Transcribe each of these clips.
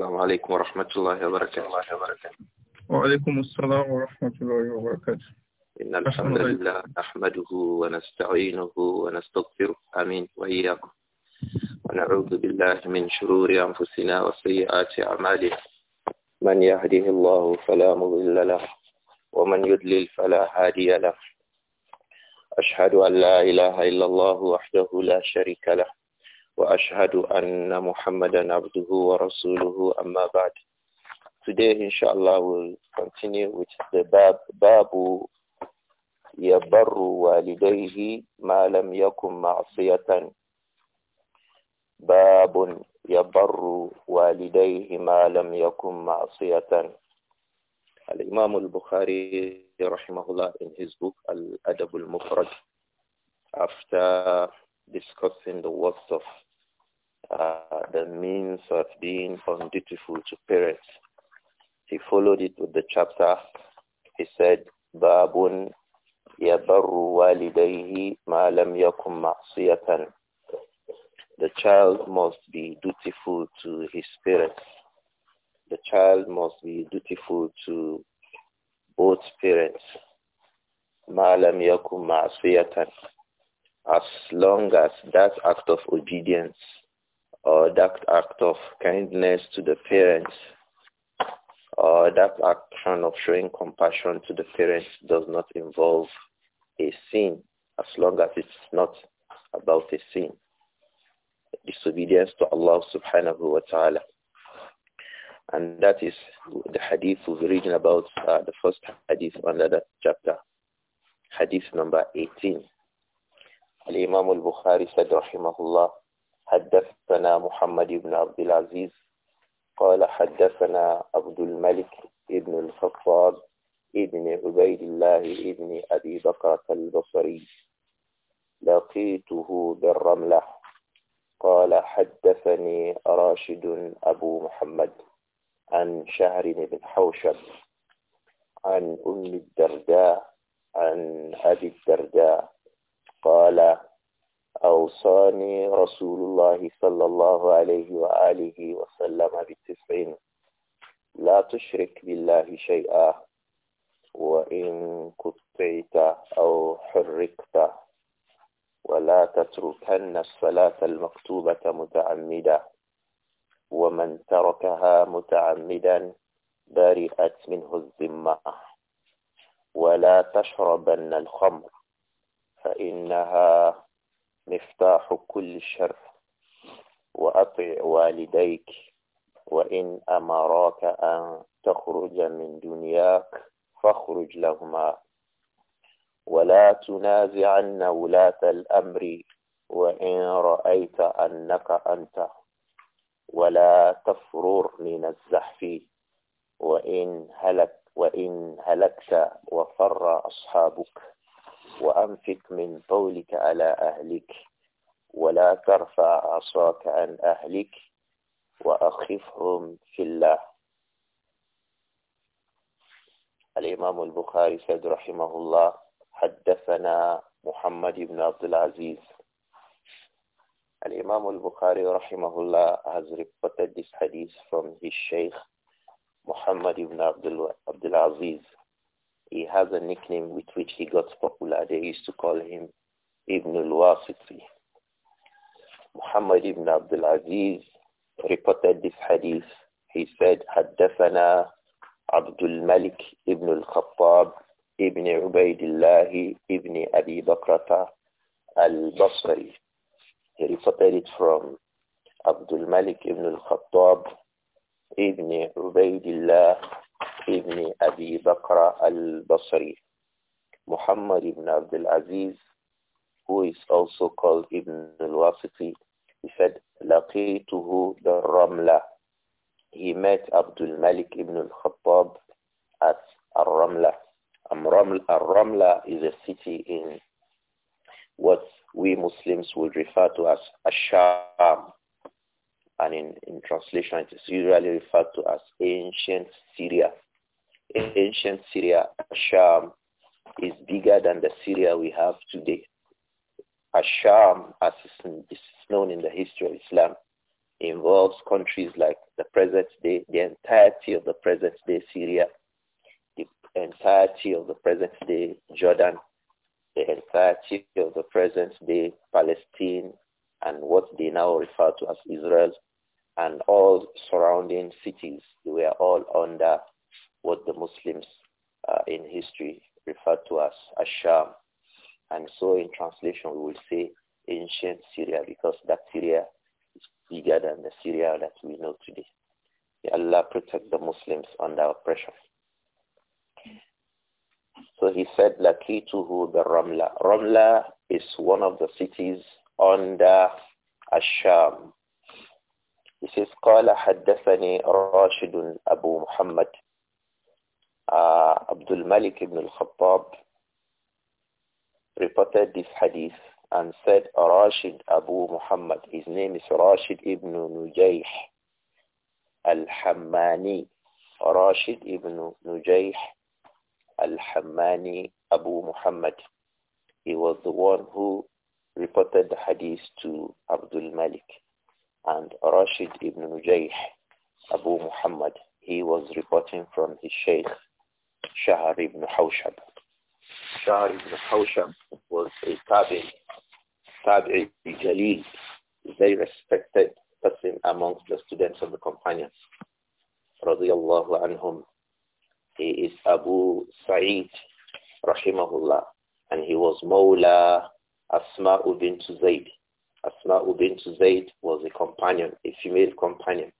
السلام عليكم ورحمة الله وبركاته الله وبركاته وعليكم السلام ورحمة الله وبركاته إن الحمد لله نحمده ونستعينه ونستغفره آمين وإياكم ونعوذ بالله من شرور أنفسنا وسيئات أعمالنا من يهده الله فلا مضل له ومن يضلل فلا هادي له أشهد أن لا إله إلا الله وحده لا شريك له وأشهد أن محمدا عبده ورسوله أما بعد Today, inshallah, we'll continue with the bab, babu yabarru walidayhi ma lam yakun ma'asiyatan. Babun yabarru walidayhi ma lam yakun ma'asiyatan. Al-Imam al-Bukhari, rahimahullah, in his book, Al-Adab al-Mufrad, after discussing the words of uh, the means of being undutiful to parents. He followed it with the chapter. He said, Babun yabarru walidayhi ma lam yakum ma'siyatan. The child must be dutiful to his parents. The child must be dutiful to both parents. Ma lam yakum ma'siyatan. As long as that act of obedience or uh, that act of kindness to the parents uh, that action of showing compassion to the parents does not involve a sin as long as it's not about a sin. Disobedience to Allah subhanahu wa ta'ala. And that is the hadith we've reading about, uh, the first hadith under that chapter, hadith number 18. Al-Imam al-Bukhari said, حدثنا محمد بن عبد العزيز قال حدثنا عبد الملك بن الخطاب ابن عبيد الله ابن أبي بكرة البصري لقيته بالرملة قال حدثني راشد أبو محمد عن شهر بن حوشب عن أم الدرداء عن أبي الدرداء قال أوصاني رسول الله صلى الله عليه وآله وسلم بالتسعين لا تشرك بالله شيئا وإن قطعت أو حركت ولا تتركن الصلاة المكتوبة متعمدا ومن تركها متعمدا برئت منه الذمة ولا تشربن الخمر فإنها مفتاح كل شر وأطع والديك وإن أمراك أن تخرج من دنياك فاخرج لهما ولا تنازعن ولاة الأمر وإن رأيت أنك أنت ولا تفرر من الزحف وإن هلك وإن هلكت وفر أصحابك وأنفق من قولك على أهلك ولا ترفع عصاك عن أهلك وأخفهم في الله الإمام البخاري سيد رحمه الله حدثنا محمد بن عبد العزيز الإمام البخاري رحمه الله has reported this hadith from his sheikh محمد بن عبد العزيز He has a nickname with which he got popular. They used to call him Ibn al-Wasiti. Muhammad ibn Abdulaziz reported this hadith. He said, حدثنا عبد الملك ابن الخطاب ابن عبيد الله ابن أبي بكرة البصري. He reported it from Abdul Malik ibn al-Khattab ibn Ubaidillah ibn Abi Bakr al-Basri, Muhammad ibn Abdul Aziz, who is also called Ibn al-Wasiti, he said, لَقِيتُهُ Ramla. He met Abdul Malik ibn al-Khattab at Ar-Ramla. Ar-Ramla is a city in what we Muslims would refer to as Asham. And in, in translation, it is usually referred to as ancient Syria ancient Syria, Asham, is bigger than the Syria we have today. Asham, as is known in the history of Islam, involves countries like the present day, the entirety of the present day Syria, the entirety of the present day Jordan, the entirety of the present day Palestine, and what they now refer to as Israel, and all surrounding cities. They were all under what the Muslims uh, in history referred to as Asham. And so in translation, we will say ancient Syria because that Syria is bigger than the Syria that we know today. May Allah protect the Muslims under oppression. So he said, Lakituhu the Ramla. Ramla is one of the cities under Asham. He says, قال حدثني راشد أبو محمد uh, Abdul Malik ibn al reported this hadith and said Rashid Abu Muhammad. His name is Rashid ibn Nujayh al-Hammani. Rashid ibn Nujayh al-Hammani Abu Muhammad. He was the one who reported the hadith to Abdul Malik and Rashid ibn Nujayh Abu Muhammad. He was reporting from his sheikh Shahar ibn Hawshab. Shahar ibn Hawshab was a tabi, tabi Jalil, very respected person amongst the students of the companions. Radiallahu anhum. He is Abu Sa'id, rahimahullah, and he was Mawla Asma bint Zayd. Asma bint Zayd was a companion, a female companion.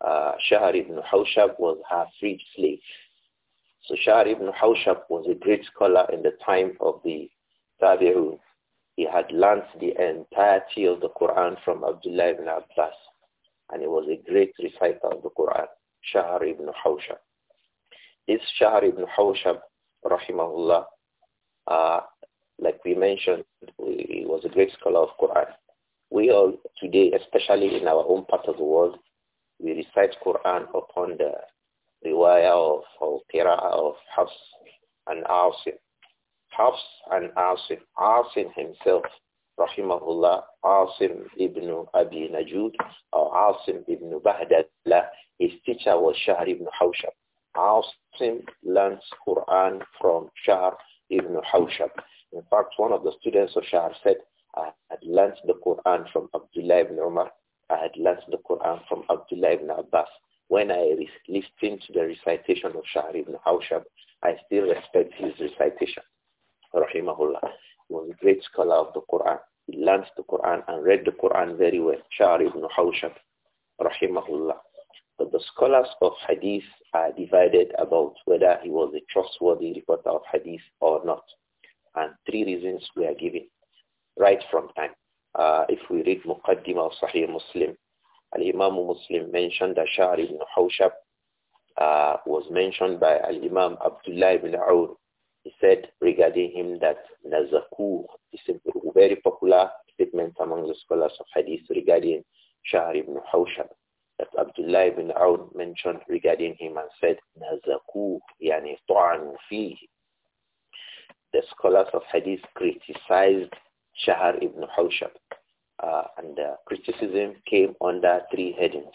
Uh, Shahar ibn Hawshab was her freed slave. So Shar ibn Hawshab was a great scholar in the time of the Tabi'un. He had learnt the entirety of the Quran from Abdullah ibn Abbas. And he was a great reciter of the Quran, Shahar ibn Hawshab. This Shahar ibn Hawshab, rahimahullah, uh, like we mentioned, he was a great scholar of Quran. We all today, especially in our own part of the world, we recite Quran upon the riwayah of or qira'ah of Hafs and Asim. Hafs and Asim. Asim himself, rahimahullah, Asim ibn Abi Najud or Asim ibn Bahdadla, his teacher was Shahr ibn Hawshab. Asim learns Quran from Shahr ابن Hawshab. In fact, one of the students of Shahr said, I had learned the Quran from Abdullah ibn Umar. I had learned the Quran from Abdullah ibn Abbas when I listen to the recitation of Sharif ibn Hawshab, I still respect his recitation. Rahimahullah. He was a great scholar of the Quran. He learned the Quran and read the Quran very well. Sharif ibn Hawshab. Rahimahullah. But the scholars of hadith are divided about whether he was a trustworthy reporter of hadith or not. And three reasons were given right from time. Uh, if we read Muqaddimah of Sahih Muslim, Al-Imam Muslim mentioned that Shahr ibn Hawshab uh, was mentioned by Al-Imam Abdullah ibn Aur. He said regarding him that Nazakur is a very popular statement among the scholars of Hadith regarding Shahr ibn Hawshab that Abdullah ibn Aun mentioned regarding him and said, Nazakur, yani ta'anu fihi. The scholars of Hadith criticized Shahar ibn Hawshab uh, and uh, criticism came under three headings.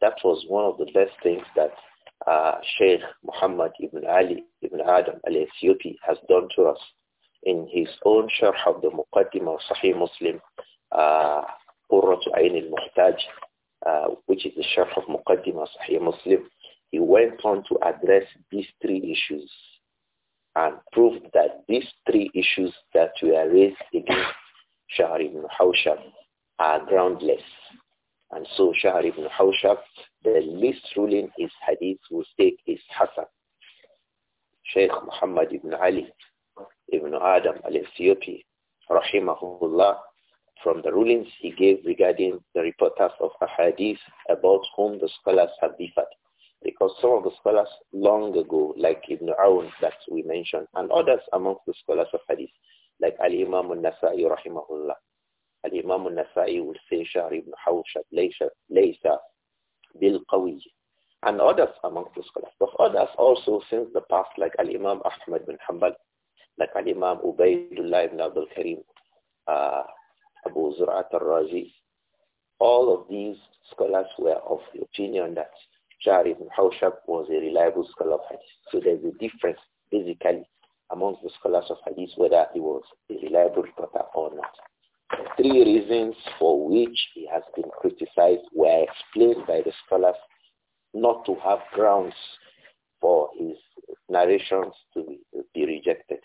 That was one of the best things that uh, Sheikh Muhammad ibn Ali ibn Adam al-Ethiopi has done to us in his own Sharh of the Muqaddimah of Sahih Muslim, uh, Qurratu Ayn al-Muhtaj, uh, which is the Sharh of Muqaddimah of Sahih Muslim. He went on to address these three issues and proved that these three issues that were raised against Shahr ibn Hawshab are groundless. And so Shahr ibn Hawshab, the least ruling is hadith will take is Hassan. Sheikh Muhammad ibn Ali ibn Adam al-Ethiopi, rahimahullah, from the rulings he gave regarding the reporters of hadith about whom the scholars have differed. Because some of the scholars long ago, like Ibn Aoun that we mentioned, and others amongst the scholars of hadith, like Al-Imam al-Nasa'i rahimahullah. Al-Imam al-Nasa'i will say Shahr ibn Hawshad, Laysa bil Qawi. And others among the scholars. But others also since the past like Al-Imam Ahmad bin Hanbal, like Al-Imam Ubaidullah ibn Abdul Karim, uh, Abu Zur'at al-Razi. All of these scholars were of the opinion that Shahr ibn Hawshab was a reliable scholar of hadith. So there's a difference basically amongst the scholars of hadith whether he was a reliable reporter or not. The three reasons for which he has been criticized were explained by the scholars not to have grounds for his narrations to be, be rejected.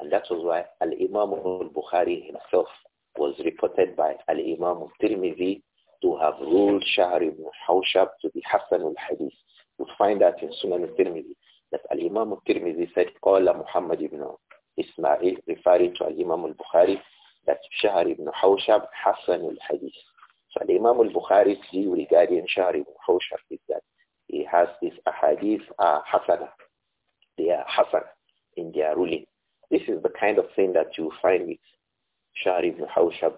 And that was why Al-Imam al-Bukhari himself was reported by Al-Imam al-Tirmidhi to have ruled Shahr ibn Hawshab to be Hassan al-Hadith. You find that in Sunan al-Tirmidhi that Al-Imam al-Tirmidhi said, Qala Muhammad ibn Ismail, referring to Al-Imam al-Bukhari, that Shahr ibn Hawshab Hassan al-Hadith. So Al-Imam al-Bukhari's view regarding Shahr ibn Hawshab is that he has these ahadith uh, hasana. They are hasana in their ruling. This is the kind of thing that you find with Shahr ibn Hawshab,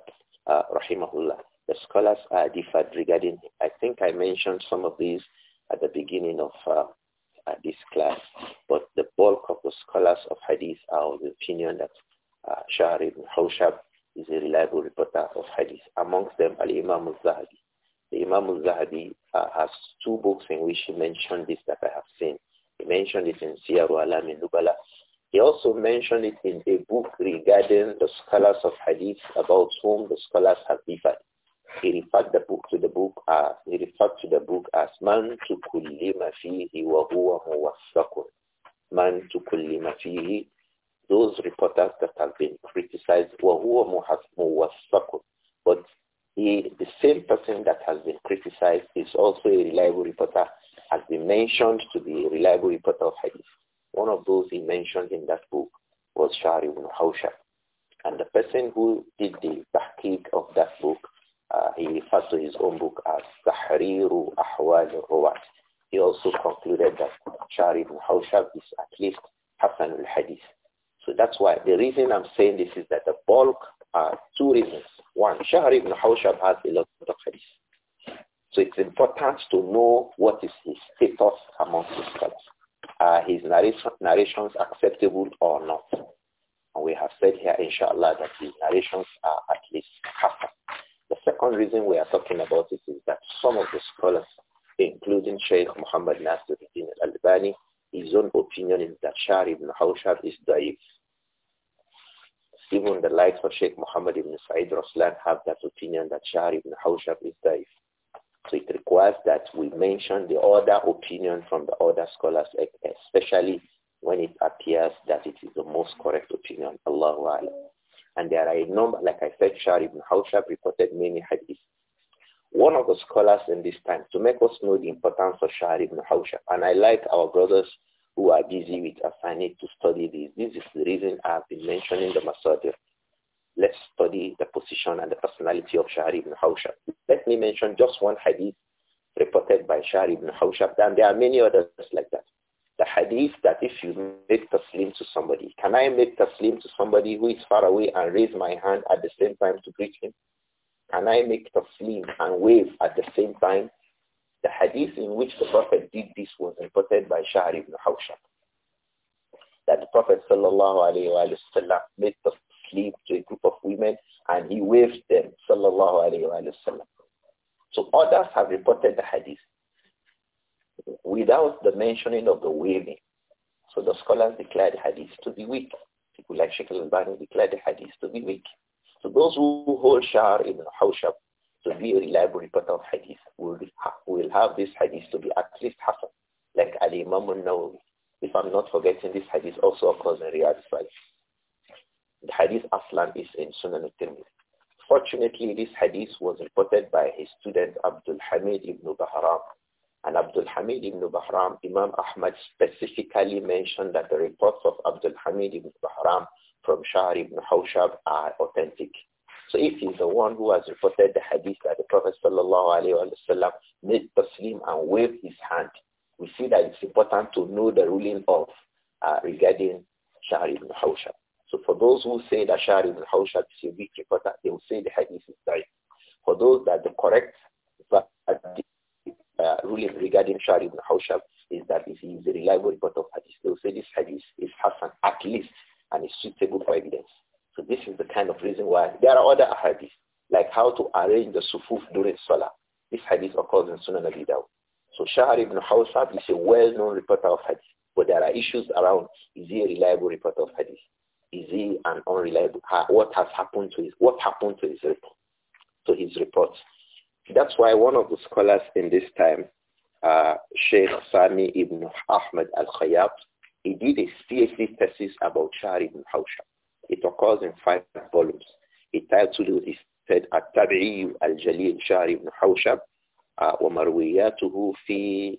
uh, rahimahullah. The scholars are differed regarding, I think I mentioned some of these at the beginning of uh, at this class, but the bulk of the scholars of hadith are of the opinion that uh, Shahr ibn Hawshab is a reliable reporter of hadith. Amongst them, Al-Imam al-Zahabi. The Imam al-Zahabi uh, has two books in which he mentioned this that I have seen. He mentioned it in Siyar al-Alam in He also mentioned it in a book regarding the scholars of hadith about whom the scholars have differed. He referred the book to the book as he referred to the book as Man to Kullima fihi wa huwa muwassakun. Man to Kullima fihi. Those reporters that have been criticized wa huwa muwassakun. But he, the same person that has been criticized is also a reliable reporter, has been mentioned to be a reliable reporter of hadith. One of those he mentioned in that book was Shari ibn Hawshab. And the person who did the tahqiq of that book uh, he refers to his own book as Tahriru Ahwal Ruwat. He also concluded that Sharif ibn Hawshab is at least Hassan al-Hadith. So that's why the reason I'm saying this is that the bulk are two reasons. One, Sharif ibn Hawshab has a lot of hadith. So it's important to know what is his status among the scholars. Are his narration, narrations acceptable or not? And we have said here, inshallah, that his narrations are at least Hassan second reason we are talking about it is that some of the scholars, including Sheikh Muhammad Nasiruddin al-Albani, his own opinion is that Shar ibn Hawshab is da'if. Even the likes of Sheikh Muhammad ibn Sa'id Raslan have that opinion that Shar ibn Hawshab is da'if. So it requires that we mention the other opinion from the other scholars, especially when it appears that it is the most correct opinion. Allahu Akbar. And there are a number, like I said, Shar ibn Hawshab reported many hadiths. One of the scholars in this time, to make us know the importance of Shar ibn Hawshab, and I like our brothers who are busy with assigning to study this. This is the reason I've been mentioning the Masadir. Let's study the position and the personality of Shahar ibn Hawshab. Let me mention just one hadith reported by Shahar ibn Hawshab, and there are many others like that hadith that if you make taslim to somebody, can I make taslim to somebody who is far away and raise my hand at the same time to greet him? Can I make taslim and wave at the same time? The hadith in which the Prophet did this was reported by Shahr ibn Hawshab. That the Prophet sallallahu alayhi wa sallam made taslim to a group of women and he waved them sallallahu alayhi wa sallam. So others have reported the hadith without the mentioning of the waving. So the scholars declared the hadith to be weak. People like Sheikh al-Bani declared the hadith to be weak. So those who hold Shah ibn Hawshab to be a reliable reporter of hadith will, will have this hadith to be at least Hassan, like Al-Imam al-Nawawi. If I'm not forgetting, this hadith also occurs in Riyadh Salih. The hadith Aslan is in Sunan al-Tirmidhi. Fortunately, this hadith was reported by his student Abdul Hamid ibn Bahram and Abdul Hamid ibn Bahram, Imam Ahmad specifically mentioned that the reports of Abdul Hamid ibn Bahram from Shahr ibn Hawshab are authentic. So if he's the one who has reported the hadith that the Prophet wasallam made taslim and waved his hand, we see that it's important to know the ruling of uh, regarding Shahr ibn Hawshab. So for those who say that Shahr ibn Hawshab is a weak reporter, they will say the hadith is right. For those that the correct verdict uh, ruling regarding Shar ibn Hawshab is that if he is a reliable reporter of hadith, they will say this hadith is Hassan at least and is suitable for evidence. So this is the kind of reason why there are other hadiths, like how to arrange the sufuf during Salah. This hadith occurs in Sunan Al Dawud. So Shahar ibn Hawsab is a well-known reporter of hadith, but there are issues around, is he a reliable reporter of hadith? Is he an unreliable? What has happened to his, what happened to his report? To his reports that's why one of the scholars in this time, uh, Sheikh Sami ibn Ahmed al-Khayyab, he did a PhD thesis about Shah ibn Hawsham. It occurs in five volumes. He titled it, he said, At-Tabi'i al-Jalil Shah ibn Hawsham uh, وَمَرْوِيَاتُهُ fi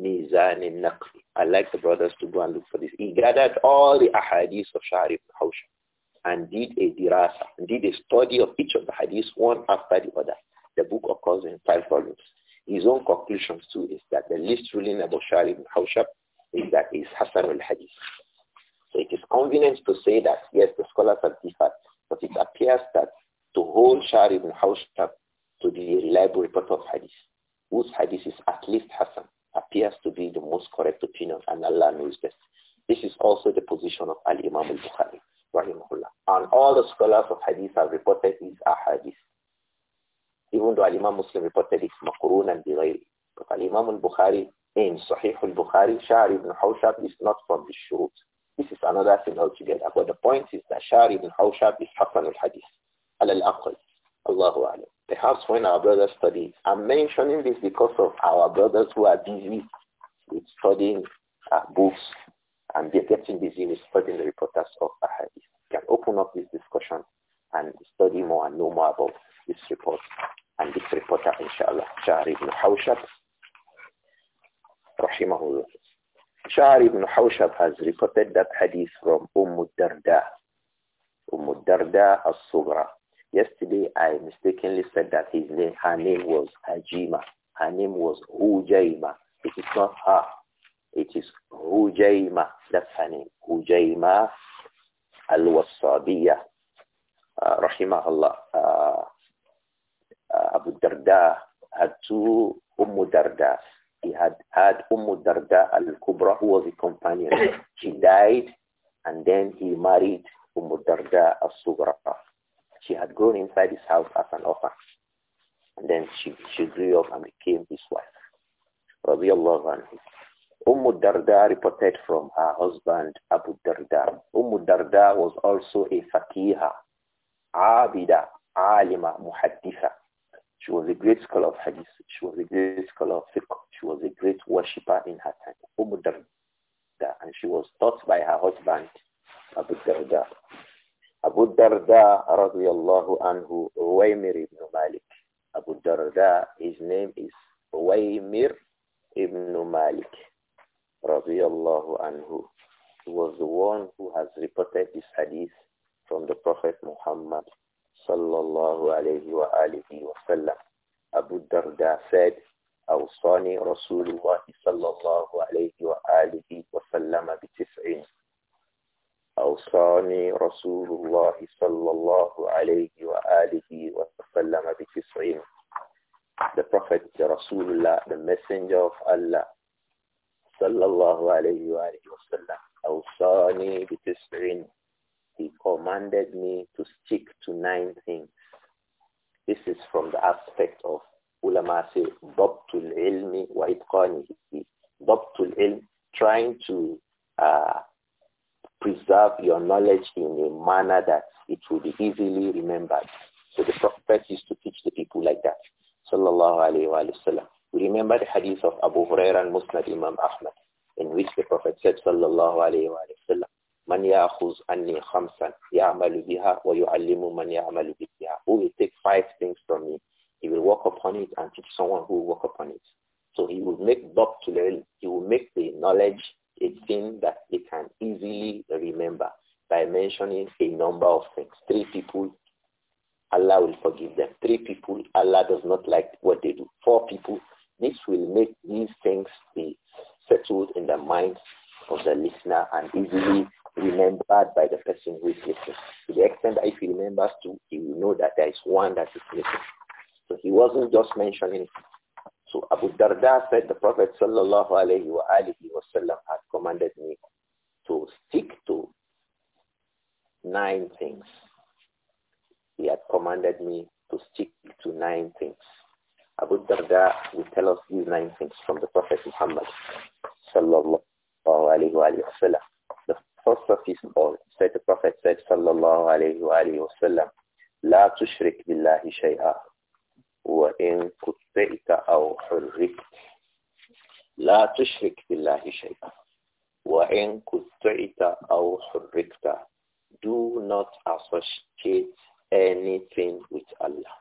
Mizan al Naqli. I like the brothers to go and look for this. He gathered all the ahadith of Shahr ibn Hawsham and did a dirasa, and did a study of each of the hadiths one after the other own conclusions too is that the least ruling about Shah ibn Hawshab is that it's Hassan al-Hadith. So it is convenient to say that, yes, the scholars have differed, but it appears that to hold Shah ibn Hawshab to the reliable report of Hadith, whose Hadith is at least Hassan, appears to be the most correct opinion and Allah knows best. This is also the position of Al-Imam al-Bukhari, rahimahullah. And all the scholars of Hadith have reported bukhari in Sahih al-Bukhari, Shahr ibn Hawshab is not from the shurut. This is another thing altogether. But the point is that Shahr ibn Hawshab is Hassan al-Hadith, al-Aqal, Allahu Alam. Perhaps when our brothers study, I'm mentioning this because of our brothers who are busy with studying Hawshab has reported that hadith from Umm Darda. Umm Darda as-Sugra. Yesterday I mistakenly said that his name, her name was Hajima. Her name was Ujima. It is not her. It is Ujima. That's her name. Hujaima al-Wasabiya. Uh, rahimahullah. Uh, uh, Abu Darda had two Umm Dardas. He had had Umm Darda al-Kubra, who was a companion. she died, and then he married Umm Darda al-Sugra. She had grown inside his house as an orphan. And then she, she grew up and became his wife. Radiallahu anhu. Umm Darda reported from her husband Abu Darda. Umm Darda was also a fakihah, abida, alima, muhadditha. She was a great scholar of hadith. She was a great scholar of fiqh. She was a great worshipper in her time. Umm Darda. And she was taught by her husband, Abu Darda. Abu Darda, radiallahu anhu, Uwaymir ibn Malik. Abu Darda, his name is Uwaymir ibn Malik, radiallahu anhu. He was the one who has reported this hadith from the Prophet Muhammad sallallahu alayhi wa alihi wa sallam. Abu said, أوصاني رسول الله صلى الله عليه وآله وسلم بتسع أوصاني رسول الله صلى الله عليه وآله وسلم بتسع The Prophet Rasulullah, the Messenger of Allah صلى الله عليه وآله وسلم أوصاني بتسعين he commanded me to stick to nine things. This is from the aspect of ulama say, Dabtul ilmi wa itqanihi. Dabtul ilm, trying to uh, preserve your knowledge in a manner that it will be easily remembered. So the Prophet used to teach the people like that. Sallallahu alayhi wa, alayhi We remember the hadith of Abu Hurairah and Musnad Imam Ahmad, in which the Prophet said, Sallallahu alayhi wa, alayhi wa sallam, man ya'khuz anni khamsan ya'malu biha wa yu'allimu man ya'malu biha. Who will take five things from me? He will work upon it and teach someone who will work upon it. So he will make doctrine, he will make the knowledge a thing that they can easily remember by mentioning a number of things. Three people, Allah will forgive them. Three people, Allah does not like what they do. Four people, this will make these things be settled in the minds of the listener and easily remembered by the person who is listening. To the extent that if he remembers two, he will know that there is one that is missing. So he wasn't just mentioning So Abu Darda said the Prophet sallallahu alayhi wa alihi wasallam had commanded me to stick to nine things. He had commanded me to stick to nine things. Abu Darda will tell us these nine things from the Prophet Muhammad sallallahu alayhi wa sallam. First of his all, said the Prophet said, sallallahu alayhi wa alayhi wa sallam, لا تشرك بالله شيئا وإن قطعت أو tushrik لا تشرك بالله شيئا وإن قطعت أو حركت Do not associate anything with Allah.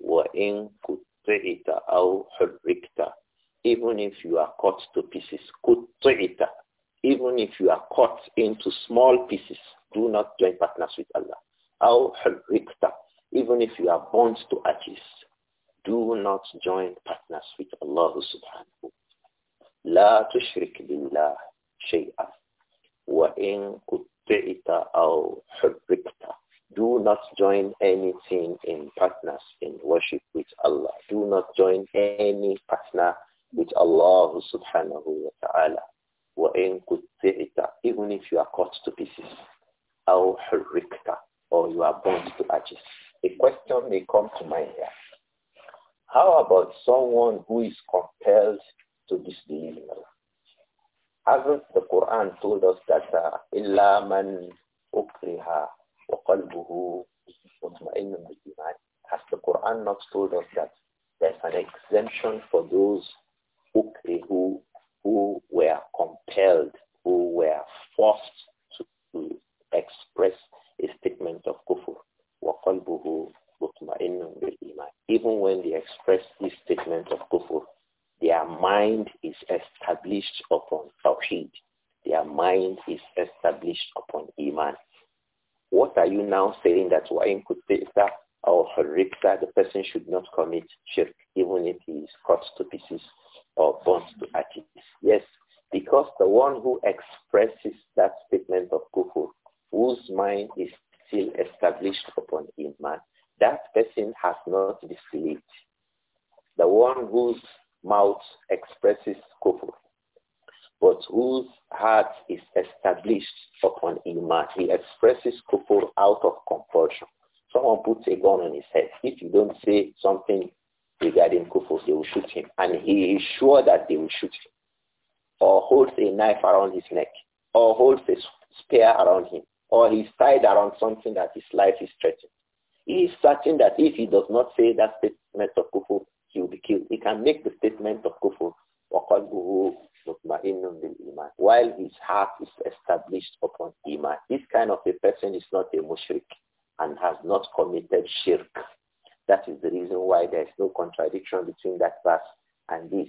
وإن قطعت أو حركت Even if you are cut to pieces, قطعت even if you are cut into small pieces, do not join partners with Allah. Aw hurrikta, even if you are bound to ashes, do not join partners with Allah subhanahu. لا تشرك بالله شيئا وإن قطعت أو حركت Do not join anything in partners in worship with Allah. Do not join any partner with Allah subhanahu wa ta'ala. وَإِن Even if you are cut to pieces. أَوْ حُرِّكْتَ Or you are burnt to ashes. A question may come to mind here. How about someone who is compelled to disbelieve Allah? Hasn't the Quran told us that uh, إِلَّا مَنْ أُكْرِهَا وَقَلْبُهُ مُطْمَئِنٌ بِالْإِيمَانِ Has the Quran not told us that there's an exemption for those who who were compelled, who were forced to, to express a statement of kufr. Even when they express this statement of kufr, their mind is established upon tawheed. Their mind is established upon iman. What are you now saying that wa'in kutbita or harikta, the person should not commit shirk even if he is cut to pieces or bonds to achieve. Yes, because the one who expresses that statement of kufur, whose mind is still established upon iman, that person has not disbelieved. The one whose mouth expresses kufur, but whose heart is established upon iman, he expresses kufur out of compulsion. Someone puts a gun on his head. If you don't say something regarding kufur, they will shoot him. And he is sure that they will shoot him. Or holds a knife around his neck. Or holds a spear around him. Or he's tied around something that his life is threatened. He is certain that if he does not say that statement of Kufu, he will be killed. He can make the statement of kufur. While his heart is established upon Iman. This kind of a person is not a mushrik and has not committed shirk. That is the reason why there is no contradiction between that verse and this.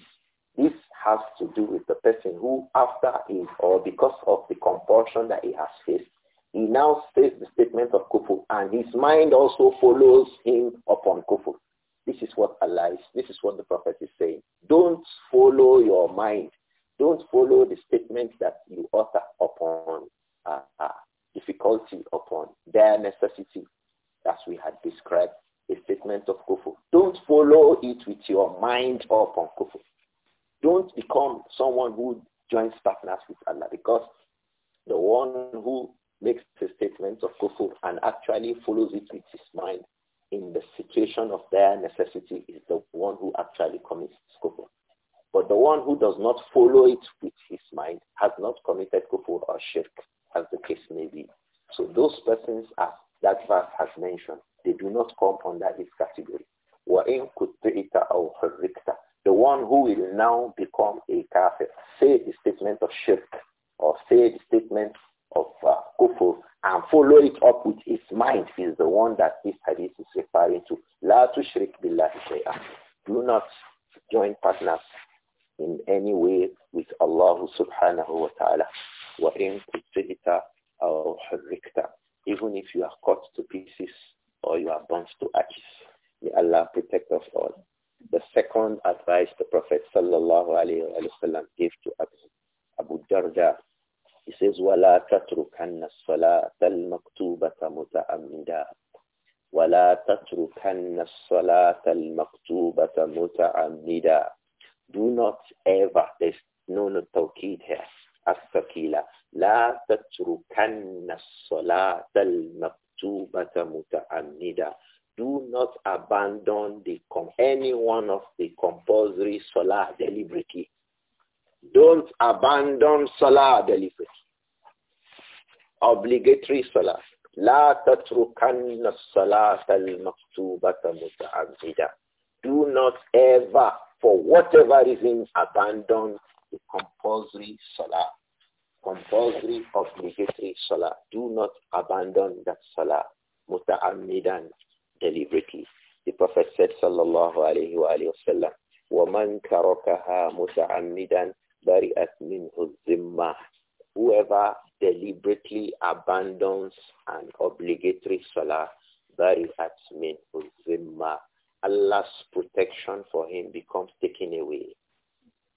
This has to do with the person who, after him or because of the compulsion that he has faced, he now says the statement of kufur, and his mind also follows him upon kufur. This is what Allah is. This is what the Prophet is saying. Don't follow your mind. Don't follow the statement that you utter upon uh, uh, difficulty, upon their necessity, it with your mind upon kufr. Don't become someone who joins partners with Allah because the one who makes the statement of kufr and actually follows it with his mind in the situation of their necessity is the one who actually commits kufr. But the one who does not follow it three salah. Do not ever, for whatever reason, abandon the compulsory salah, compulsory obligatory salah. Do not abandon that salah muta'ammidan deliberately. The Prophet said, sallallahu alaihi wasallam, alayhi wa sallam, وَمَنْ كَرَكَهَا مُتَعَمِّدًا بَرِئَتْ مِنْهُ الزِّمَّةِ Whoever deliberately abandons an obligatory salah, bari'at min zimma. Allah's protection for him becomes taken away.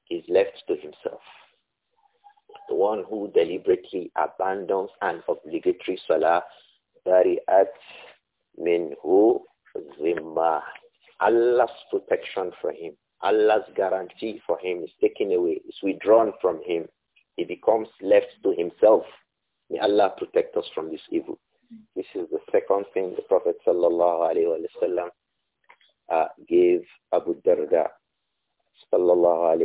He's left to himself. The one who deliberately abandons an obligatory salah, bari'at minhu zimma. Allah's protection for him, Allah's guarantee for him is taken away, is withdrawn from him he becomes left to himself. May Allah protect us from this evil. This is the second thing the Prophet sallallahu uh, gave Abu Darda sallallahu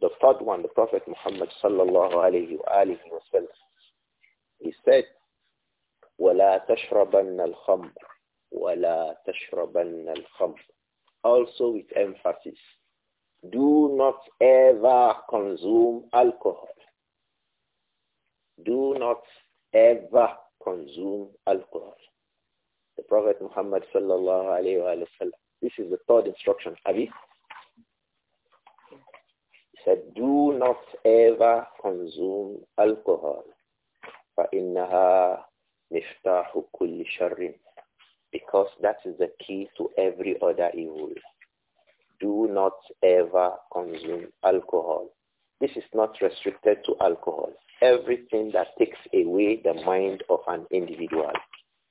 The third one, the Prophet Muhammad sallallahu he said, وَلَا تَشْرَبَنَّ الْخَمْرَ وَلَا تَشْرَبَنَّ الْخَمْرَ Also with emphasis. Do not ever consume alcohol. Do not ever consume alcohol. The Prophet Muhammad sallallahu alayhi wa sallam. This is the third instruction. Abi? He said, do not ever consume alcohol. فَإِنَّهَا كُلِّ Because that is the key to every other evil do not ever consume alcohol. This is not restricted to alcohol. Everything that takes away the mind of an individual,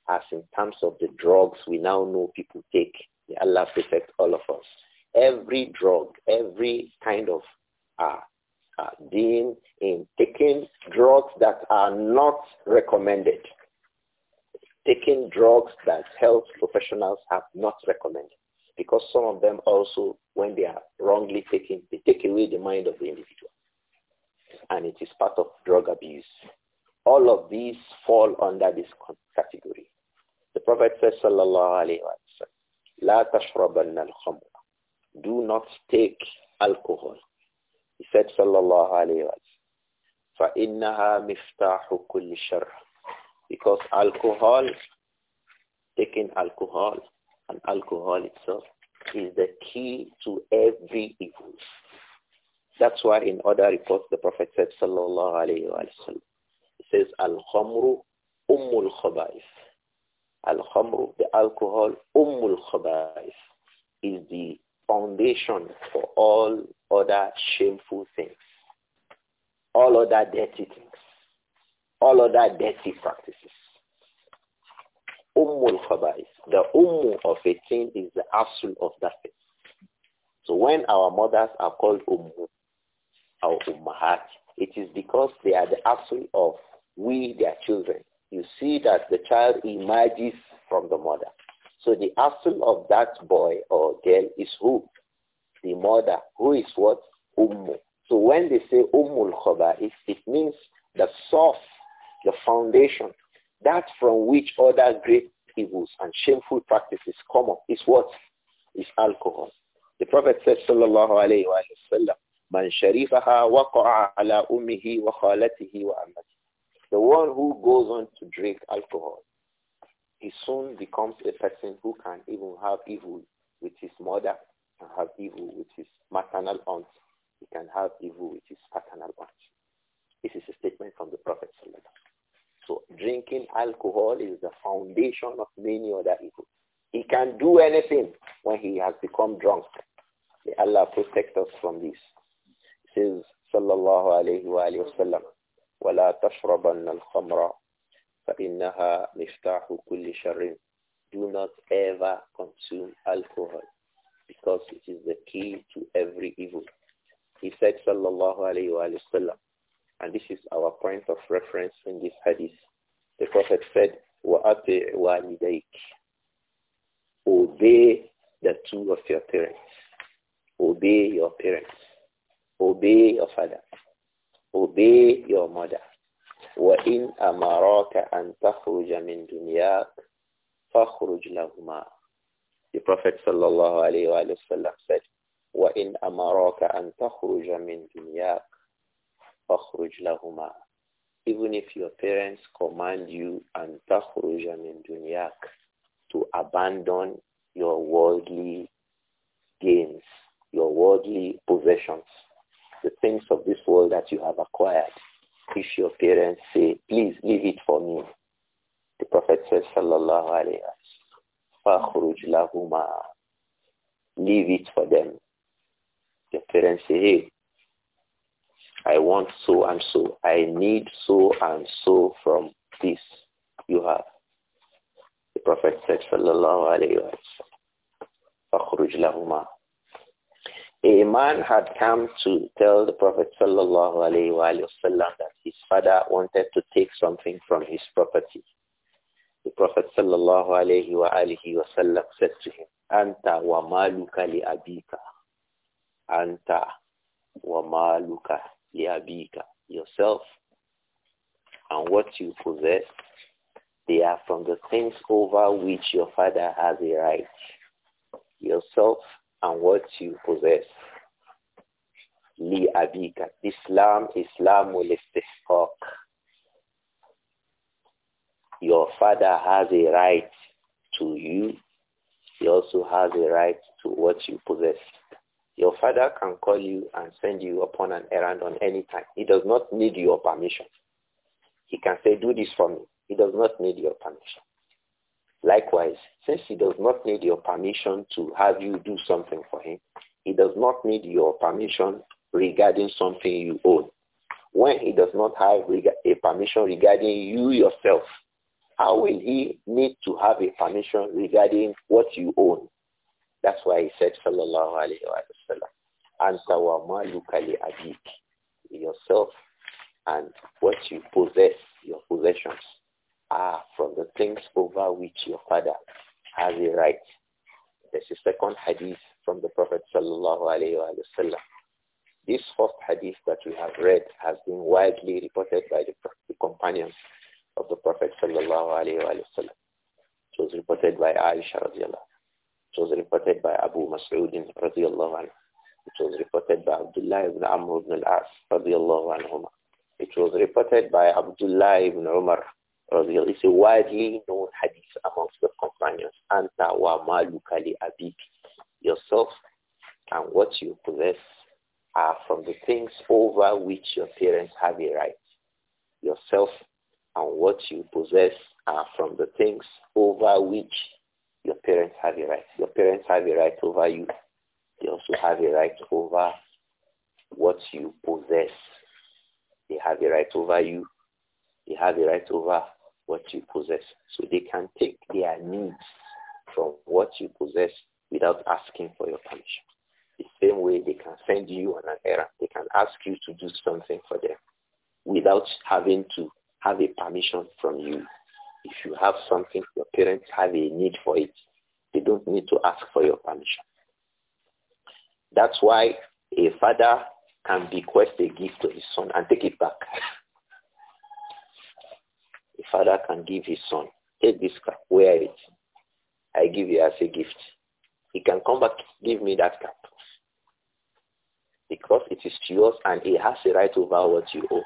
as in terms of the drugs we now know people take, Allah protect all of us. Every drug, every kind of uh, uh, being in taking drugs that are not recommended, taking drugs that health professionals have not recommended because some of them also, when they are wrongly taken, they take away the mind of the individual. And it is part of drug abuse. All of these fall under this category. The Prophet says, Sallallahu Alaihi Wasallam, La tashrabanna al Do not take alcohol. He said, Sallallahu Alaihi Wasallam, فَإِنَّهَا مِفْتَاحُ كُلِّ شَرٍ Because alcohol, taking alcohol and alcohol itself is the key to every evil. That's why in other reports the Prophet said, Sallallahu Alaihi Wasallam, he says, Al-Khamru Ummul Khaba'if. Al-Khamru, the alcohol, Ummul Khaba'if, is the foundation for all other shameful things, all other dirty things, all other dirty practices ummul khaba'is. The ummu of a thing is the asul of that thing. So when our mothers are called ummu our ummahat, it is because they are the asul of we, their children. You see that the child emerges from the mother. So the asul of that boy or girl is who? The mother. Who is what? Ummu. So when they say ummul khaba'is, it means the source, the foundation, that from which other great evils and shameful practices come up is what? Is alcohol. The Prophet said, sallallahu alayhi wa sallam, man sharifaha waqa'a ala ummihi wa khalatihi wa ammatihi. The one who goes on to drink alcohol, he soon becomes a person who can even have evil with his mother, can have evil with his maternal aunt, he can have evil with his paternal aunt. This is a statement from the Prophet sallallahu so drinking alcohol is the foundation of many other evils. He can do anything when he has become drunk. May Allah protect us from this. He says, sallallahu alayhi wa alayhi wa sallam, وَلَا تَشْرَبَنَّ الْخَمْرَ فَإِنَّهَا مِفْتَاحُ كُلِّ شَرٍ Do not ever consume alcohol because it is the key to every evil. He said, sallallahu alayhi wa sallam, and this is our point of reference in this hadith. The Prophet said, وَأَطِعْ وَالِدَيْكِ Obey the two of your parents. Obey your parents. Obey your father. Obey your mother. وَإِنْ أَمَرَاكَ أَنْ تَخْرُجَ مِنْ دُنْيَاكَ فَخْرُجْ لَهُمَا The Prophet sallallahu alayhi wa sallam said, وَإِنْ أَمَرَاكَ أَنْ تَخْرُجَ مِنْ دُنْيَاكَ فَخْرُجْ لَهُمَا Even if your parents command you and تَخْرُجَ مِنْ دُنْيَاكَ to abandon your worldly gains, your worldly possessions, the things of this world that you have acquired. If your parents say, please leave it for me. The Prophet says, sallallahu Leave it for them. Your parents say, hey, I want so and so. I need so and so from this you have. The Prophet said, Sallallahu Alaihi Wasallam, A man had come to tell the Prophet Sallallahu Alaihi Wasallam that his father wanted to take something from his property. The Prophet Sallallahu Alaihi Wasallam said to him, Anta wa maluka li abika. Anta wa maluka abika yourself and what you possess, they are from the things over which your father has a right. Yourself and what you possess. Li abika. Islam, Islam will Your father has a right to you. He also has a right to what you possess. Your father can call you and send you upon an errand on any time. He does not need your permission. He can say, do this for me. He does not need your permission. Likewise, since he does not need your permission to have you do something for him, he does not need your permission regarding something you own. When he does not have a permission regarding you yourself, how will he need to have a permission regarding what you own? That's why he said, sallallahu alayhi wa sallam, Anta wa maluka li abik, yourself and what you possess, your possessions, are from the things over which your father has a right. This is the second hadith from the Prophet sallallahu alayhi wa sallam. This first hadith that we have read has been widely reported by the, the companions of the Prophet sallallahu alayhi wa sallam. It was reported by Aisha radiallahu it was reported by Abu Mas'ud radiallahu anhu. It was reported by Abdullah ibn Amr ibn al-As radiallahu anhuma. It was reported by Abdullah ibn Umar radiallahu It's a widely known hadith amongst the companions. Anta wa maluka li abik. Yourself and what you possess are from the things over which your parents have a right. Yourself and what you possess are from the things over which your parents have a right. Your parents have a right over you. They also have a right over what you possess. They have a right over you. They have a right over what you possess. So they can take their needs from what you possess without asking for your permission. The same way they can send you on an errand. They can ask you to do something for them without having to have a permission from you. If you have something, your parents have a need for it. They don't need to ask for your permission. That's why a father can bequest a gift to his son and take it back. A father can give his son, take this cap, wear it. I give you as a gift. He can come back, give me that cap. Because it is yours and he has a right over what you owe,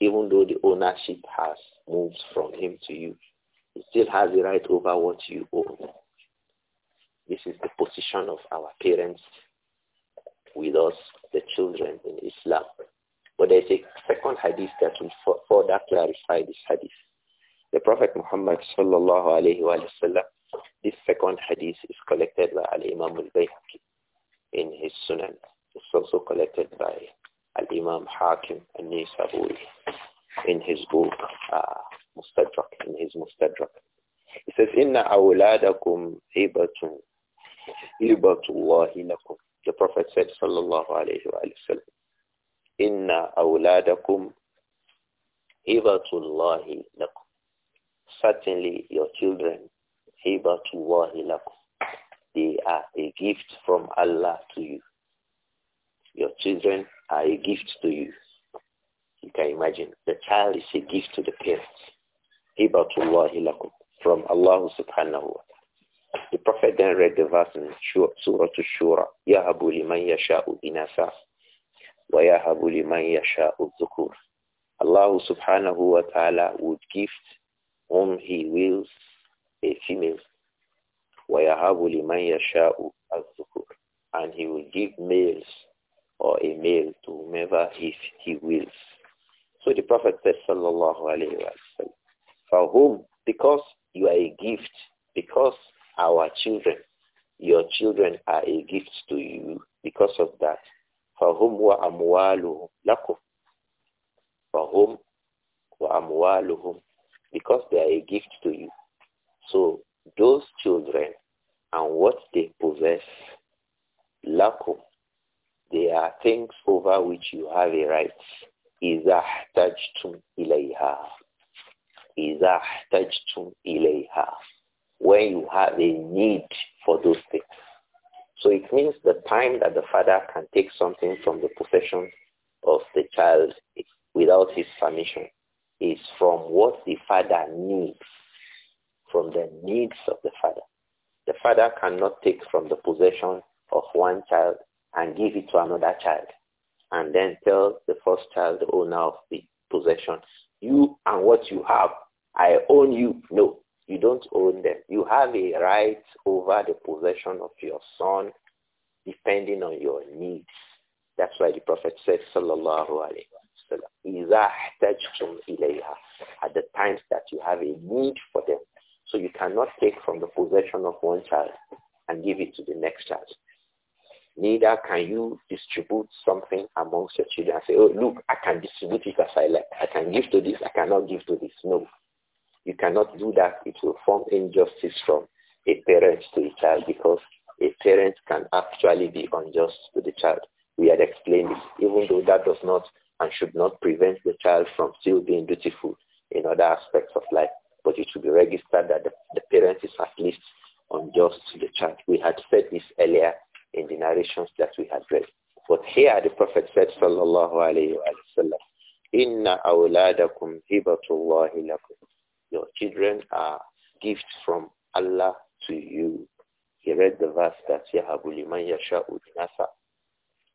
even though the ownership has moves from him to you, he still has the right over what you own. This is the position of our parents with us, the children in Islam. But there is a second hadith that will further clarify this hadith. The Prophet Muhammad sallallahu alayhi wa sallam, this second hadith is collected by Al-Imam al-Bayhaqi in his Sunan. It's also collected by Al-Imam Hakim al-Nisaburi in his book, uh, Mustadrak, in his Mustadrak. He says, Inna awladakum ibatun, ibatullahi lakum. The Prophet said, sallallahu alaihi wasallam," Inna awladakum ibatullahi lakum. Certainly your children, ibatullahi lakum. They are a gift from Allah to you. Your children are a gift to you. You can imagine. The child is a gift to the parents lakum, from Allah subhanahu wa ta'ala. The Prophet then read the verse in Surah al shura يَهَبُ لِمَنْ يَشَاءُ wa وَيَهَبُ لِمَنْ يَشَاءُ Allah subhanahu wa ta'ala would gift whom he wills a female. وَيَهَبُ لِمَنْ يَشَاءُ الذُّكُورَ And he will give males or a male to whomever he, he wills. So the Prophet said, sallallahu alayhi wa whom, Because you are a gift, because our children, your children are a gift to you because of that. فَهُمْ whom لَكُمْ فَهُمْ وَأَمْوَالُهُمْ Because they are a gift to you. So those children and what they possess, lakum, they are things over which you have a right. إِذَا احْتَجْتُمْ إِلَيْهَا إِذَا احْتَجْتُمْ إِلَيْهَا When you have a need for those things. So it means the time that the father can take something from the possession of the child without his permission is from what the father needs, from the needs of the father. The father cannot take from the possession of one child and give it to another child and then tell the first child the owner of the possession you and what you have, I own you. No, you don't own them. You have a right over the possession of your son depending on your needs. That's why the Prophet said, Sallallahu Alaihi Wasallam, at the times that you have a need for them. So you cannot take from the possession of one child and give it to the next child neither can you distribute something amongst your children and say, oh, look, I can distribute it as I like. I can give to this. I cannot give to this. No. You cannot do that. It will form injustice from a parent to a child because a parent can actually be unjust to the child. We had explained this, even though that does not and should not prevent the child from still being dutiful in other aspects of life. But it should be registered that the, the parent is at least unjust to the child. We had said this earlier in the narrations that we have read. But here the Prophet said, Sallallahu Alaihi Wasallam, Inna awladakum hibatullahi lakum. Your children are gifts from Allah to you. He read the verse that يَهَبُ لِمَنْ يَشَاءُ النَّاسَ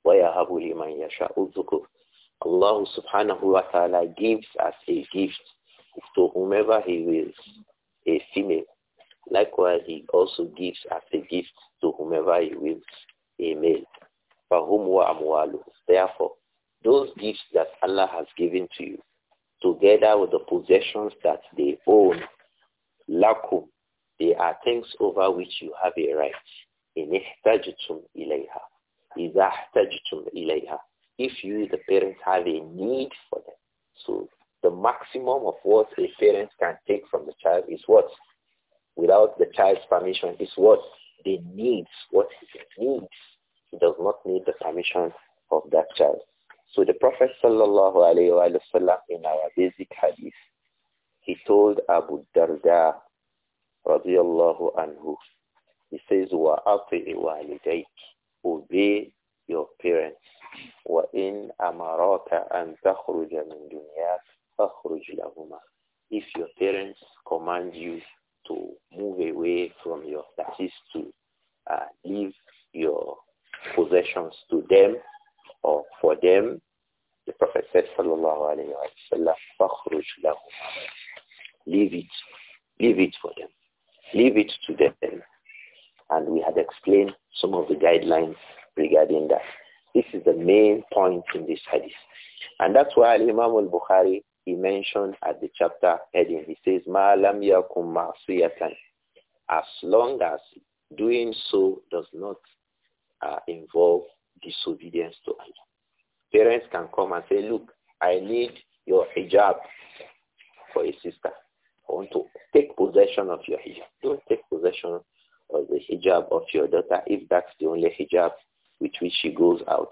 وَيَهَبُ لِمَنْ يَشَاءُ الذُّكُرُ Allah subhanahu wa ta'ala gives as a gift to whomever he wills, a female Likewise, he also gives as a gift to whomever he wills a male. Therefore, those gifts that Allah has given to you, together with the possessions that they own, lakum, they are things over which you have a right. In ilayha. If you, the parents, have a need for them. So the maximum of what a parent can take from the child is what? without the child's permission is what they need, what he needs. He does not need the permission of that child. So the Prophet sallallahu alayhi wa sallam in our basic hadith, he told Abu Darda radiallahu anhu, he says, wa walidayk, obey your parents. وَإِنْ أَمَرَاكَ أَنْ تَخْرُجَ مِنْ دُنْيَاكَ فَخْرُجْ لَهُمَا If your parents command you to move away from your, status, to uh, leave your possessions to them or for them. The Prophet said, Sallallahu Alaihi Wasallam, leave it, leave it for them, leave it to them. And we had explained some of the guidelines regarding that. This is the main point in this hadith. And that's why Imam al-Bukhari he mentioned at the chapter heading. He says, Ma yakum ma'asiyatan. As long as doing so does not uh, involve disobedience to Allah. Parents can come and say, look, I need your hijab for a sister. I want to take possession of your hijab. Don't take possession of the hijab of your daughter if that's the only hijab with which she goes out.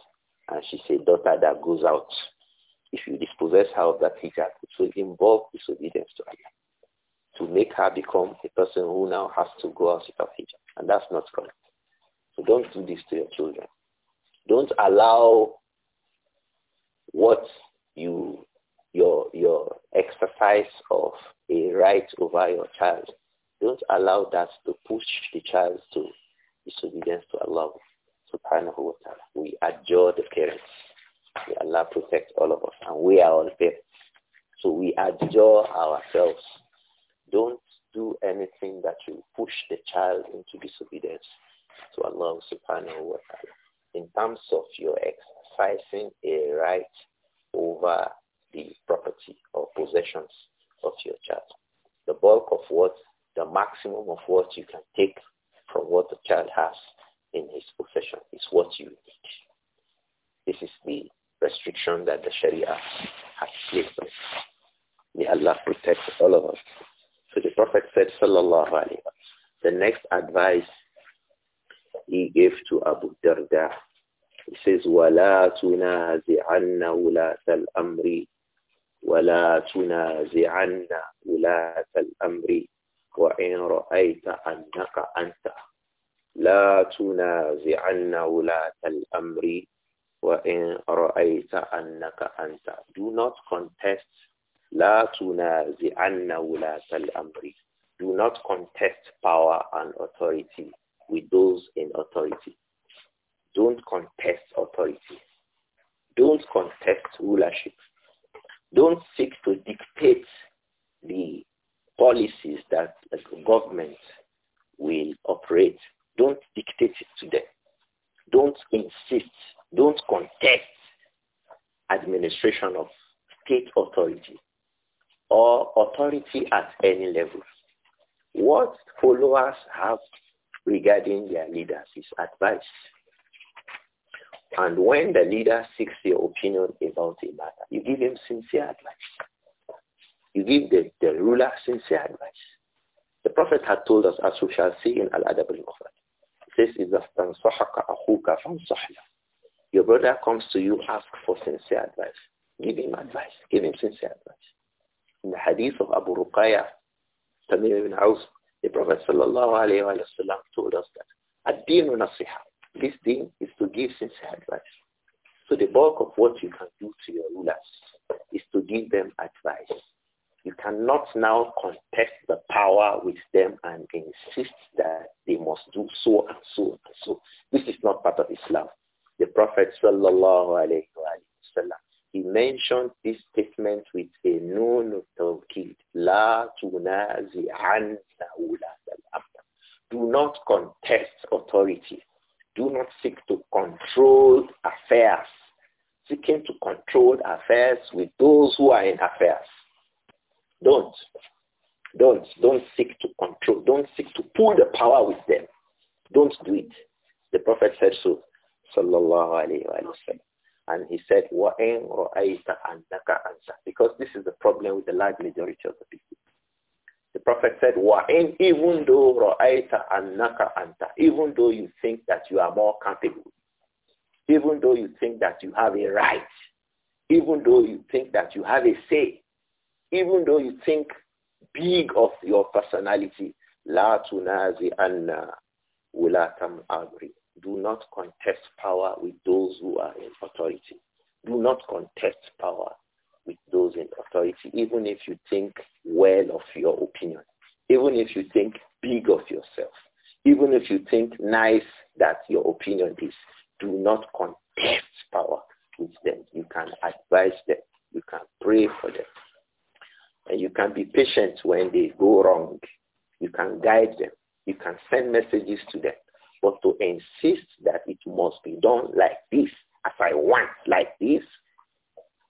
And she's a daughter that goes out if you dispossess her of that hijab, it will involve disobedience to Allah, to make her become a person who now has to go outside of hijab. And that's not correct. So don't do this to your children. Don't allow what you your your exercise of a right over your child. Don't allow that to push the child to disobedience to Allah subhanahu wa ta'ala. We adjure the parents. Allah protect all of us. And we are all there. So we adjure ourselves. Don't do anything that will push the child into disobedience to Allah subhanahu wa ta'ala. In terms of your exercising a right over the property or possessions of your child. The bulk of what, the maximum of what you can take from what the child has in his possession is what you need. This is the restriction that the Sharia has placed on it. May Allah protect all of us. So the Prophet said, Sallallahu Alaihi Wasallam, the next advice he gave to Abu Darda, he says, وَلَا تُنَازِعَنَّ وُلَاةَ الْأَمْرِ ولا تنازعن ولاة الأمر وإن رأيت أنك أنت لا تنازعن ولاة الأمر وَإِنْ رَأَيْتَ أَنَّكَ أَنْتَ Do not contest. لَا تُنَازِعَنَّ وُلَاةَ الْأَمْرِ Do not contest power and authority with those in authority. Don't contest authority. Don't contest rulership. Don't seek to dictate the policies that the government will operate. Don't dictate it to them. Don't insist don't contest administration of state authority or authority at any level. What followers have regarding their leaders is advice. And when the leader seeks your opinion about a matter, you give him sincere advice. You give the, the ruler sincere advice. The Prophet had told us, as we shall see in Al-Adab al-Mufrad, he says, إِذَا اسْتَنْصَحَكَ أَخُوكَ فَانْصَحْ your brother comes to you, ask for sincere advice. Give him advice. Give him sincere advice. In the hadith of Abu Ruqayya, Tamir ibn Aus, the Prophet sallallahu told us that ad-deenu nasiha. This thing is to give sincere advice. So the bulk of what you can do to your rulers is to give them advice. You cannot now contest the power with them and insist that they must do so and so and so. This is not part of Islam the Prophet sallallahu alayhi wa he mentioned this statement with a noon of tawkid. La tunazi an Do not contest authority. Do not seek to control affairs. Seeking to control affairs with those who are in affairs. Don't. Don't. Don't seek to control. Don't seek to pull the power with them. Don't do it. The Prophet said so sallallahu alayhi wa And he said, وَإِنْ رَأَيْتَ أَنَّكَ أَنْسَى Because this is the problem with the large majority of the people. The Prophet said, وَإِنْ Even though رَأَيْتَ أَنَّكَ أَنْتَ Even though you think that you are more capable. Even though you think that you have a right. Even though you think that you have a say. Even though you think big of your personality. لَا تُنَازِئَنَّ وَلَا تَمْ أَغْرِبُ do not contest power with those who are in authority. Do not contest power with those in authority, even if you think well of your opinion, even if you think big of yourself, even if you think nice that your opinion is. Do not contest power with them. You can advise them. You can pray for them. And you can be patient when they go wrong. You can guide them. You can send messages to them. But to insist that it must be done like this, as I want, like this,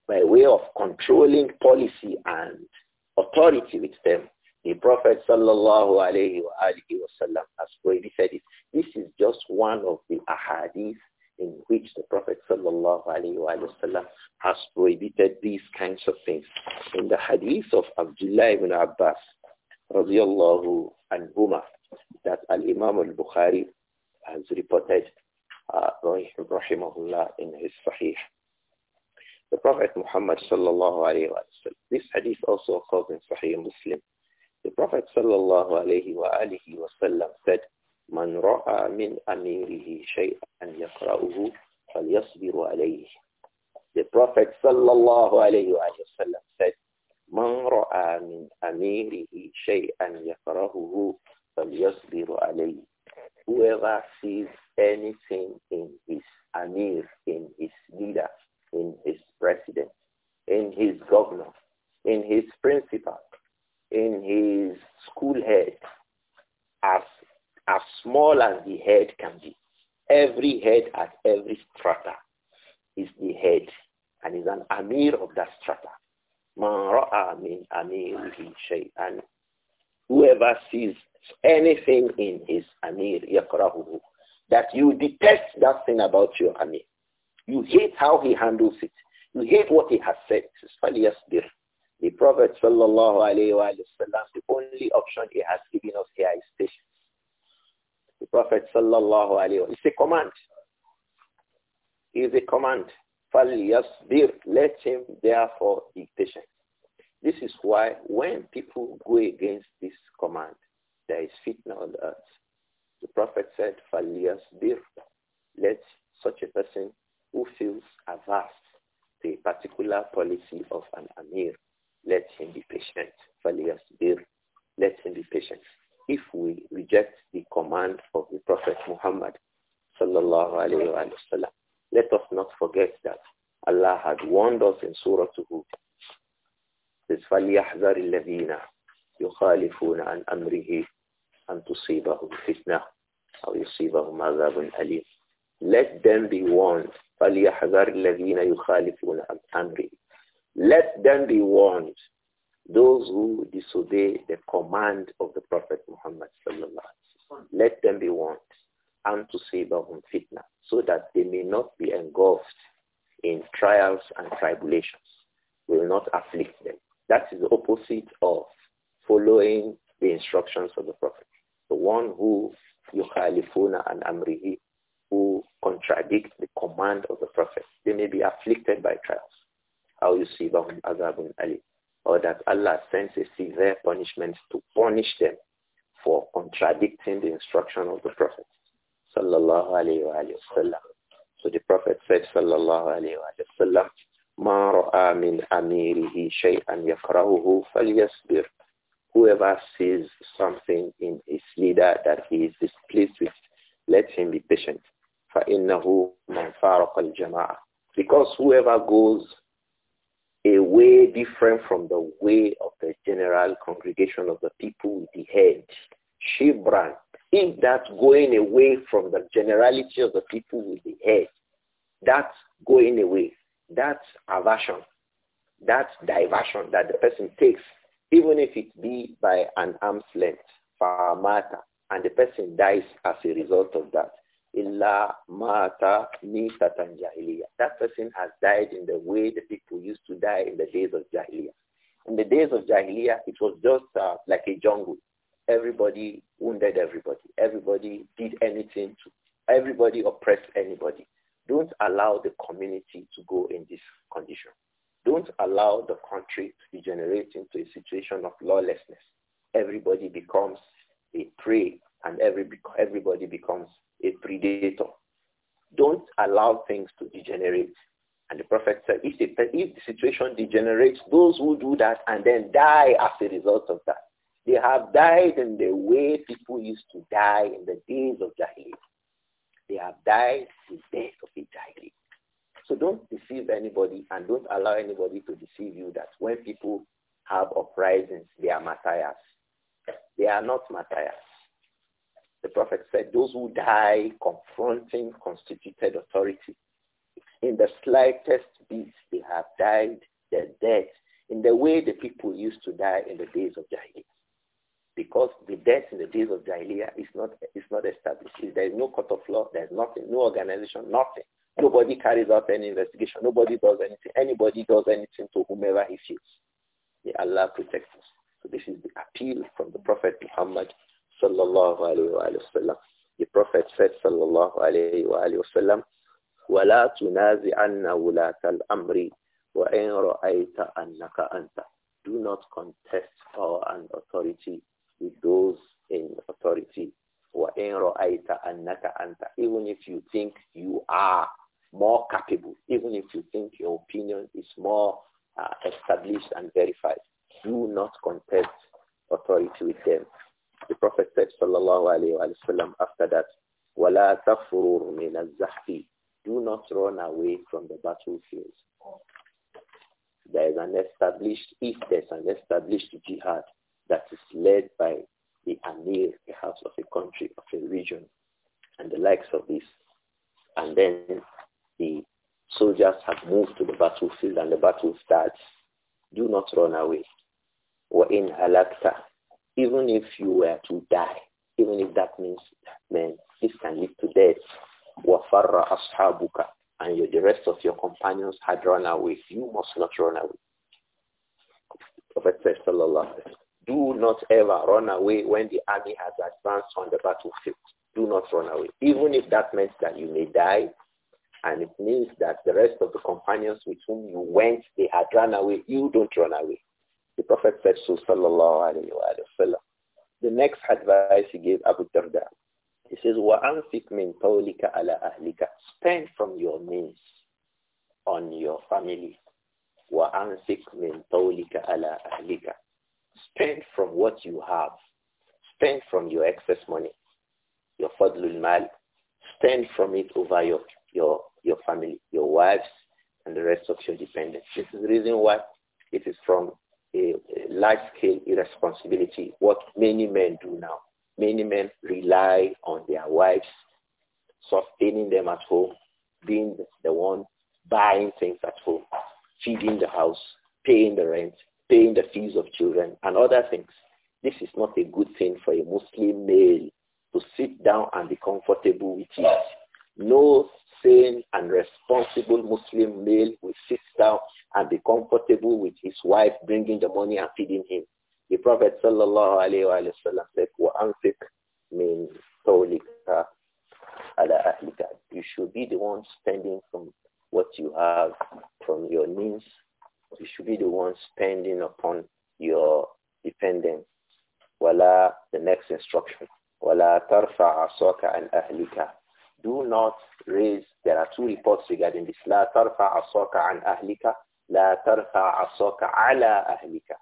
by way of controlling policy and authority with them, the Prophet sallallahu alayhi wasallam has prohibited it. This is just one of the ahadith in which the Prophet sallallahu alayhi wasallam has prohibited these kinds of things. In the hadith of Abdullah ibn Abbas الله عنهما that Al-Imam al-Bukhari has reported uh, rahimahullah in his Sahih. The Prophet Muhammad sallallahu alayhi wa sallam, this hadith also occurs in Sahih Muslim. The Prophet sallallahu alayhi wa alihi wa sallam said, من رأى من أميره شيئا يقرأه فليصبر عليه. The Prophet sallallahu alayhi wa وسلم said, من رأى من أميره شيئا يقرأه، فليصبر عليه whoever sees anything in his Amir, in his leader, in his president, in his governor, in his principal, in his school head, as, as small as the head can be. Every head at every strata is the head and is an Amir of that strata. Man ra'a min amirihi shay'an. Whoever sees anything in his Amir, yakrahuhu, that you detest that thing about your Amir. You hate how he handles it. You hate what he has said. Falyasbir. The Prophet sallallahu alayhi wa the only option he has given us here is patience. The Prophet sallallahu alayhi wa it's a command. It's a command. Falyasbir. Let him therefore be patient. This is why when people go against this command, there is fitna on the earth. The Prophet said, فَلْيَصْبِرْ Let such a person who feels averse to a particular policy of an Amir, let him be patient. فَلْيَصْبِرْ Let him be patient. If we reject the command of the Prophet Muhammad, sallallahu alayhi wa sallam, let us not forget that Allah had warned us in Surah Hud. This says, فَلْيَحْذَرِ الَّذِينَ يخالفون عن أمره أن تصيبهم فتنة أو يصيبهم عذاب أليم Let them be warned فليحذر الذين يخالفون عن أمره Let them be warned those who disobey the command of the Prophet Muhammad Let them be warned and to sabahum fitna so that they may not be engulfed in trials and tribulations, will not afflict them. That is the opposite of following the instructions of the Prophet. The one who yukhalifuna an amrihi, who contradict the command of the Prophet, they may be afflicted by trials. How you see azabun ali, or that Allah sends a severe punishment to punish them for contradicting the instruction of the Prophet. Sallallahu alayhi wa sallam. So the Prophet said, Sallallahu alayhi wa sallam, ما رأى من أميره شيئا يكرهه فليصبر whoever sees something in his leader that he is displeased with, let him be patient. فَإِنَّهُ مَنْ فَارَقَ الْجَمَاعَةِ Because whoever goes a way different from the way of the general congregation of the people with the head, Shibran, if that going away from the generality of the people with the head, that going away, that aversion, that diversion that the person takes even if it be by an arm's length, matter, and the person dies as a result of that. Illa mata mitatan That person has died in the way the people used to die in the days of Jahiliyyah. In the days of Jahiliyyah, it was just uh, like a jungle. Everybody wounded everybody. Everybody did anything to. Everybody oppressed anybody. Don't allow the community to go in this condition. Don't allow the country to degenerate into a situation of lawlessness. Everybody becomes a prey and every, everybody becomes a predator. Don't allow things to degenerate. And the Prophet said, if, the, if the situation degenerates, those who do that and then die as a result of that, they have died in the way people used to die in the days of Jahiliyyah. They have died the death so don't deceive anybody and don't allow anybody to deceive you that when people have uprisings, they are martyrs. They are not martyrs. The Prophet said, those who die confronting constituted authority, in the slightest bit, they have died their death in the way the people used to die in the days of Jahiliyyah. Because the death in the days of Jahiliyyah is not, is not established. There is no court of law. There is nothing, no organization, nothing. Nobody carries out any investigation. Nobody does anything. Anybody does anything to whomever he feels. May Allah protect us. So this is the appeal from the Prophet Muhammad sallallahu alayhi wa sallam. The Prophet said sallallahu alayhi wa sallam, وَلَا تُنَازِعَنَّ وُلَاةَ الْأَمْرِ وَإِنْ رَأَيْتَ أَنَّكَ أَنْتَ Do not contest power and authority with those in authority. وَإِنْ رَأَيْتَ أَنَّكَ أَنْتَ Even if you think you are more capable, even if you think your opinion is more uh, established and verified. Do not contest authority with them. The Prophet said, sallallahu alayhi wa sallam, after that, وَلَا تَفْرُرْ مِنَ الزَّحْفِ Do not run away from the battlefield. There is an established, if there's an established jihad that is led by the amir, House of a country, of a region, and the likes of this, and then the soldiers have moved to the battlefield and the battle starts, do not run away. Or in halakta, even if you were to die, even if that means men, this can lead to death. Wafarra ashabuka, and the rest of your companions had run away. You must not run away. Prophet Sallallahu do not ever run away when the army has advanced on the battlefield. Do not run away. Even if that means that you may die, and it means that the rest of the companions with whom you went, they had run away. You don't run away. The Prophet said so, sallallahu alayhi wa, sallam. The next advice he gave Abu Darda, he says, وَأَنْفِقْ مِنْ طَوْلِكَ عَلَىٰ أَهْلِكَ Spend from your means on your family. وَأَنْفِقْ مِنْ طَوْلِكَ عَلَىٰ أَهْلِكَ Spend from what you have. Spend from your excess money, your fadlul mal. Spend from it over your, your your family, your wives, and the rest of your dependents. This is the reason why it is from a, large-scale irresponsibility, what many men do now. Many men rely on their wives, sustaining them at home, being the one buying things at home, feeding the house, paying the rent, paying the fees of children, and other things. This is not a good thing for a Muslim male to sit down and be comfortable with it. No sane and responsible Muslim male with sister and be comfortable with his wife bringing the money and feeding him. The Prophet sallallahu alayhi wa sallam said, You should be the one spending from what you have, from your means. You should be the one spending upon your dependents. Voila The next instruction. وَلَا تَرْفَعَ عَصَاكَ عَنْ أَهْلِكَ do not raise, there are two reports regarding this. لا ترفع عصاك عن أهلك لا ترفع عصاك على أهلك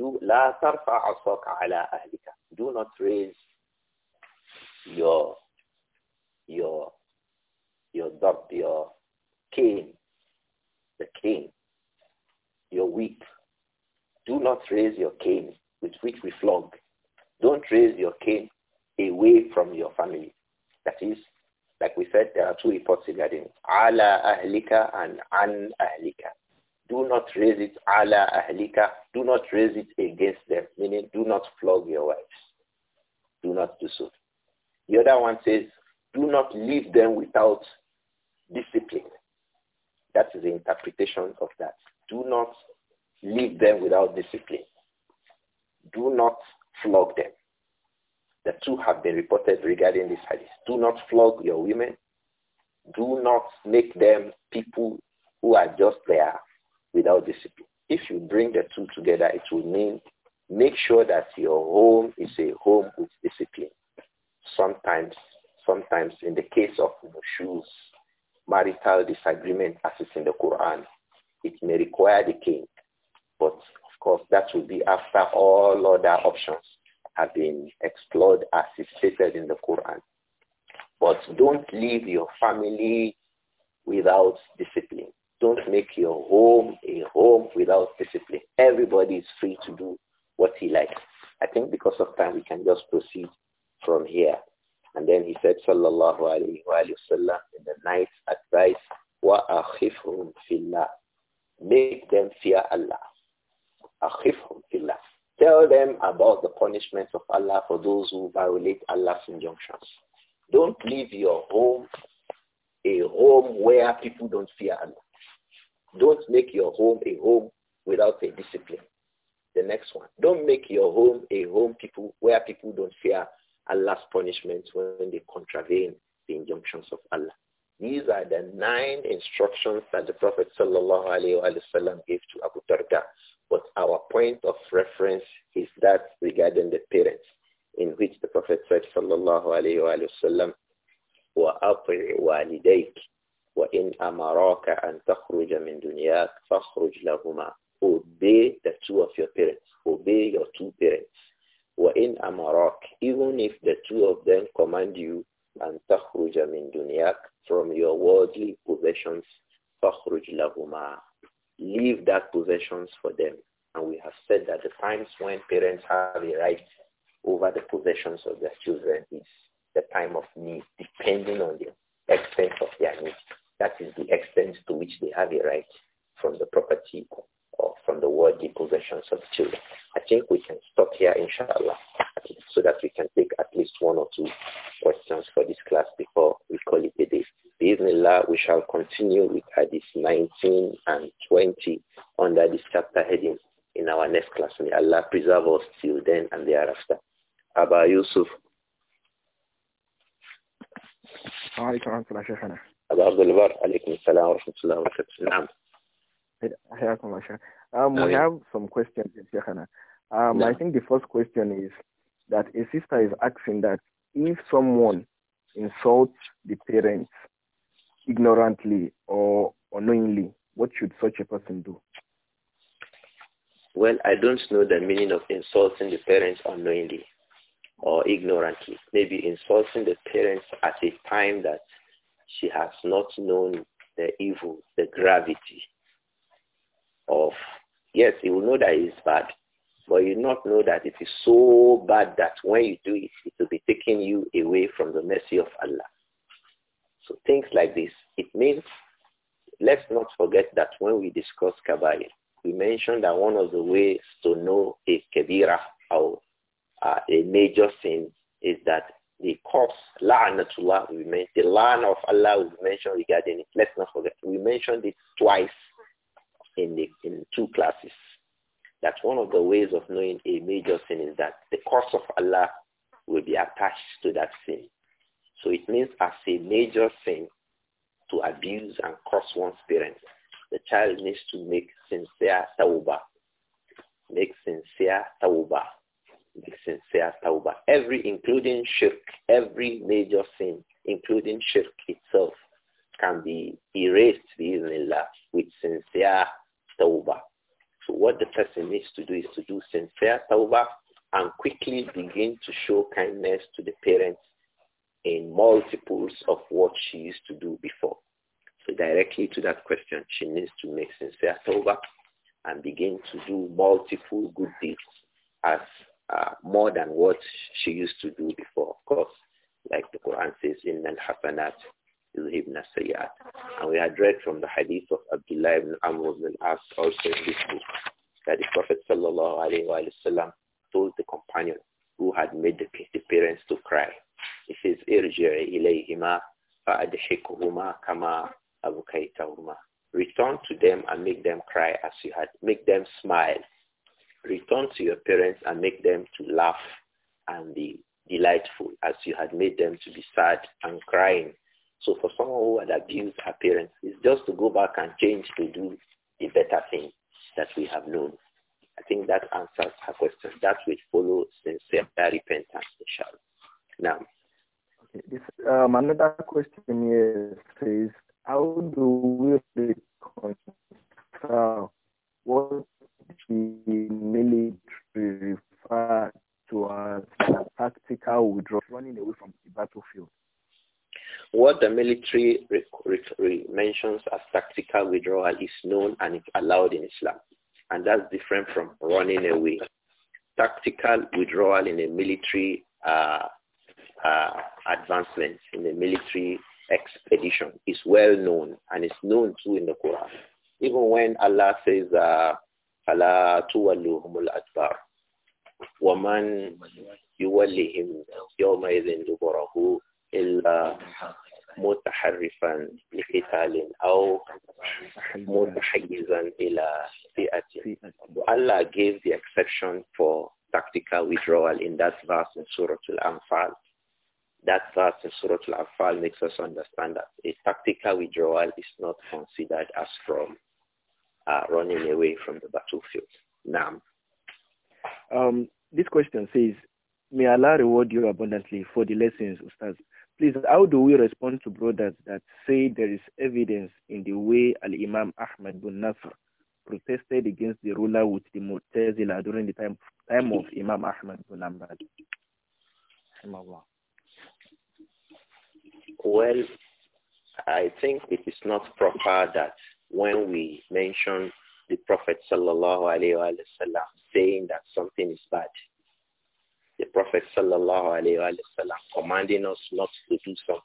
do, لا ترفع عصاك على أهلك do not raise your your your dog, your cane, the cane, your whip. Do not raise your cane with which we flog. Don't raise your cane away from your family. That is, like we said, there are two reports regarding Ala ahlika and an ahlika. Do not raise it ala ahlika. Do not raise it against them, meaning do not flog your wives. Do not do so. The other one says, do not leave them without discipline. That is the interpretation of that. Do not leave them without discipline. Do not flog them. The two have been reported regarding this hadith. Do not flog your women. Do not make them people who are just there without discipline. If you bring the two together, it will mean make sure that your home is a home with discipline. Sometimes, sometimes in the case of shoes, marital disagreement as it's in the Quran, it may require the king. But of course, that will be after all other options have been explored as is stated in the Quran. But don't leave your family without discipline. Don't make your home a home without discipline. Everybody is free to do what he likes. I think because of time we can just proceed from here. And then he said, Sallallahu Alaihi Wasallam, in the ninth advice, Wa akhifhum fillah. Make them fear Allah. Akhifhum fillah. Tell them about the punishment of Allah for those who violate Allah's injunctions. Don't leave your home a home where people don't fear Allah. Don't make your home a home without a discipline. The next one. Don't make your home a home people where people don't fear Allah's punishment when they contravene the injunctions of Allah. These are the nine instructions that the Prophet ﷺ gave to Abu Darda but our point of reference is that regarding the parents, in which the Prophet said, sallallahu alayhi wa وَأَطِعْ وَالِدَيْكِ وَإِنْ أَمَرَاكَ أَنْ تَخْرُجَ مِنْ دُنْيَاكَ فَخْرُجْ لَهُمَا Obey the two of your parents. Obey your two parents. وَإِنْ أَمَرَاكَ Even if the two of them command you, أَنْ تَخْرُجَ مِنْ دُنْيَاكَ From your worldly possessions, فَخْرُجْ لَهُمَا leave that possessions for them. And we have said that the times when parents have a right over the possessions of their children is the time of need, depending on the extent of their need. That is the extent to which they have a right from the property or from the worldly possessions of children. I think we can stop here, inshallah, so that we can take at least one or two questions for this class before we call it a day. Bismillah, we shall continue with Hadith 19 and 20 under this chapter heading in our next class. May Allah preserve us till then and thereafter. Abba Yusuf. وعليكم السلام ورحمة الله وبركاته. Um, we have some questions, Um, I think the first question is that a sister is asking that if someone insults the parents ignorantly or unknowingly, what should such a person do? Well, I don't know the meaning of insulting the parents unknowingly or ignorantly. Maybe insulting the parents at a time that she has not known the evil, the gravity of, yes, you will know that it's bad, but you not know that it is so bad that when you do it, it will be taking you away from the mercy of Allah. So things like this, it means let's not forget that when we discuss kabair, we mentioned that one of the ways to know a kabira or uh, a major sin is that the curse, la'natullah, we mentioned, the la'na of Allah we mentioned regarding it. Let's not forget, we mentioned it twice in, the, in two classes. That one of the ways of knowing a major sin is that the curse of Allah will be attached to that sin. So it means as a major sin to abuse and curse one's parents. The child needs to make sincere tawbah. Make sincere tawbah. Make sincere tawbah. Every, including shirk, every major sin, including shirk itself, can be erased, bi'idhnillah, with sincere tawbah. So what the person needs to do is to do sincere tawbah and quickly begin to show kindness to the parents in multiples of what she used to do before. So directly to that question, she needs to make sincere tawbah and begin to do multiple good deeds as uh, more than what she used to do before. Of course, like the Quran says, in al hasanat and we had read from the hadith of Abdullah ibn Amr ibn as also in this book that the Prophet sallallahu told the companion who had made the, the parents to cry. He says, irji'i ilayhima fa'adhikuhuma kama abukaytahuma. Return to them and make them cry as you had. Make them smile. Return to your parents and make them to laugh and be delightful as you had made them to be sad and crying so for someone who had abused her parents, it's just to go back and change to do a better thing that we have known. I think that answers her question. That will follow sincere repentance, inshallah. Now. Okay. This, um, another question is, how do we reconcile what the military refer to as tactical withdrawal, running away from the battlefield? What the military mentions as tactical withdrawal is known and it's allowed in Islam. And that's different from running away. Tactical withdrawal in a military uh, uh, advancement, in a military expedition is well known and it's known too in the Quran. Even when Allah says, فَلَا تُوَلُّهُمُ الْأَدْبَارِ وَمَنْ يُوَلِّهِمْ يَوْمَئِذٍ دُبُرَهُ إلا متحرفا لقتال أو متحيزا إلى فئة. Allah gave the exception for tactical withdrawal in that verse in Surah Al-Anfal. That verse in Surah Al-Anfal makes us understand that a tactical withdrawal is not considered as from uh, running away from the battlefield. Nam. um, this question says, may Allah reward you abundantly for the lessons, Ustaz. Please, how do we respond to brothers that say there is evidence in the way Al-Imam Ahmad bin Nasr protested against the ruler with the Mu'tazila during the time, time of Imam Ahmad bin Ambad? Well, I think it is not proper that when we mention the Prophet sallallahu alaihi wasallam saying that something is bad, the Prophet sallallahu alayhi wa sallam commanding us not to do something.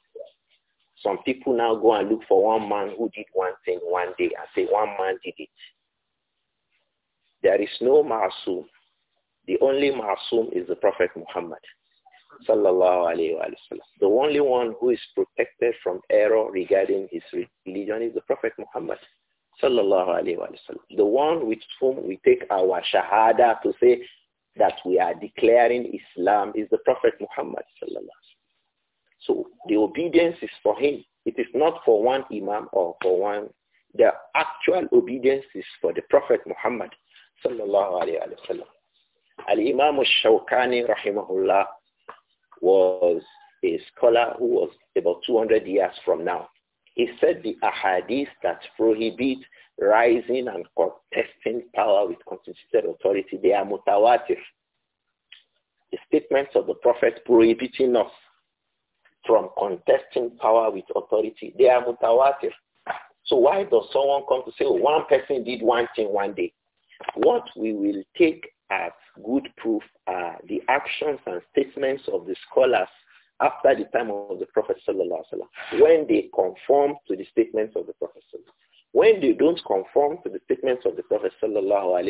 Some people now go and look for one man who did one thing one day and say one man did it. There is no ma'asum. The only ma'asum is the Prophet Muhammad sallallahu alayhi wa sallam. The only one who is protected from error regarding his religion is the Prophet Muhammad sallallahu alayhi wa sallam. The one with whom we take our shahada to say that we are declaring Islam is the Prophet Muhammad sallallahu So the obedience is for him. It is not for one imam or for one. The actual obedience is for the Prophet Muhammad sallallahu Al-Imam al-Shawkani rahimahullah was a scholar who was about 200 years from now. He said the ahadith that prohibit rising and contesting power with constituted authority, they are mutawatir. The statements of the Prophet prohibiting us from contesting power with authority, they are mutawatir. So why does someone come to say oh, one person did one thing one day? What we will take as good proof are the actions and statements of the scholars after the time of the Prophet sallallahu when they conform to the statements of the Prophet When they don't conform to the statements of the Prophet sallallahu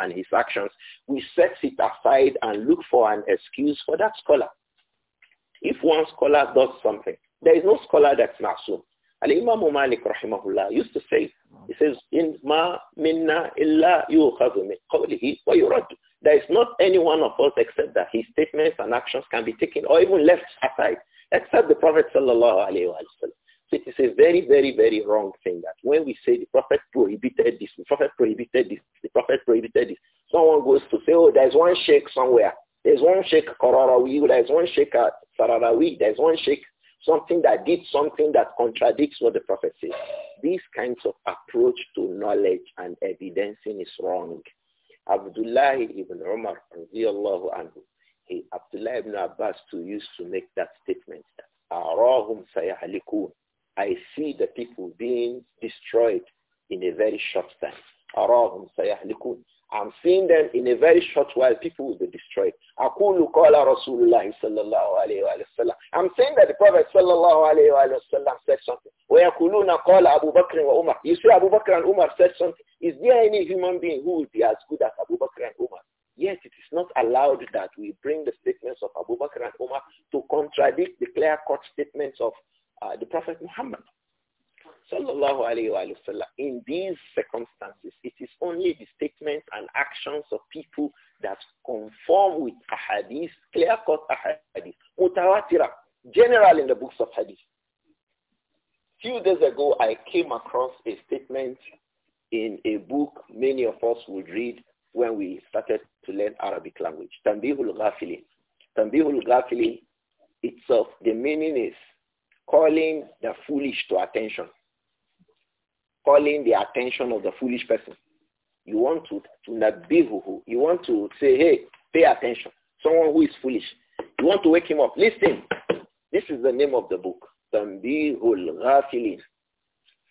and his actions, we set it aside and look for an excuse for that scholar. If one scholar does something, there is no scholar that's ma'asum. Ali imam Malik rahimahullah used to say, he says, "In ma minna illa yu'khadhu min qawlihi wa yuradu. There is not any one of us except that his statements and actions can be taken or even left aside, except the Prophet sallallahu alaihi wasallam. So it is a very, very, very wrong thing that when we say the Prophet prohibited this, the Prophet prohibited this, the Prophet prohibited this, someone goes to say, oh, there's one sheikh somewhere. There's one sheikh Qararawi, there's one sheikh at Sararawi, there's one sheikh something that did something that contradicts what the prophet says. These kinds of approach to knowledge and evidencing is wrong. Abdullah ibn Umar, radiallahu anhu, he, Abdullah ibn Abbas too used to make that statement that Arahum sayahalikun. I see the people being destroyed in a very short time. Arahum sayahlikun. I'm seeing them in a very short while, people will be destroyed. I'm saying that the Prophet صلى said something. ويقولون قال You see Abu Bakr and Umar said something. Is there any human being who would be as good as Abu Bakr and Umar? Yet it is not allowed that we bring the statements of Abu Bakr and Umar to contradict the clear-cut statements of uh, the Prophet Muhammad sallallahu alayhi wa sallam, in these circumstances, it is only the statements and actions of people that conform with ahadith, clear-cut ahadith, mutawatira, general in the books of hadith. Few days ago, I came across a statement in a book many of us would read when we started to learn Arabic language, Tanbihul Ghafilin. Tanbihul Ghafilin itself, the meaning is calling the foolish to attention calling the attention of the foolish person. You want to, to nabihuhu. You want to say, hey, pay attention. Someone who is foolish. You want to wake him up. Listen. This is the name of the book. Tambihul Ghafilin.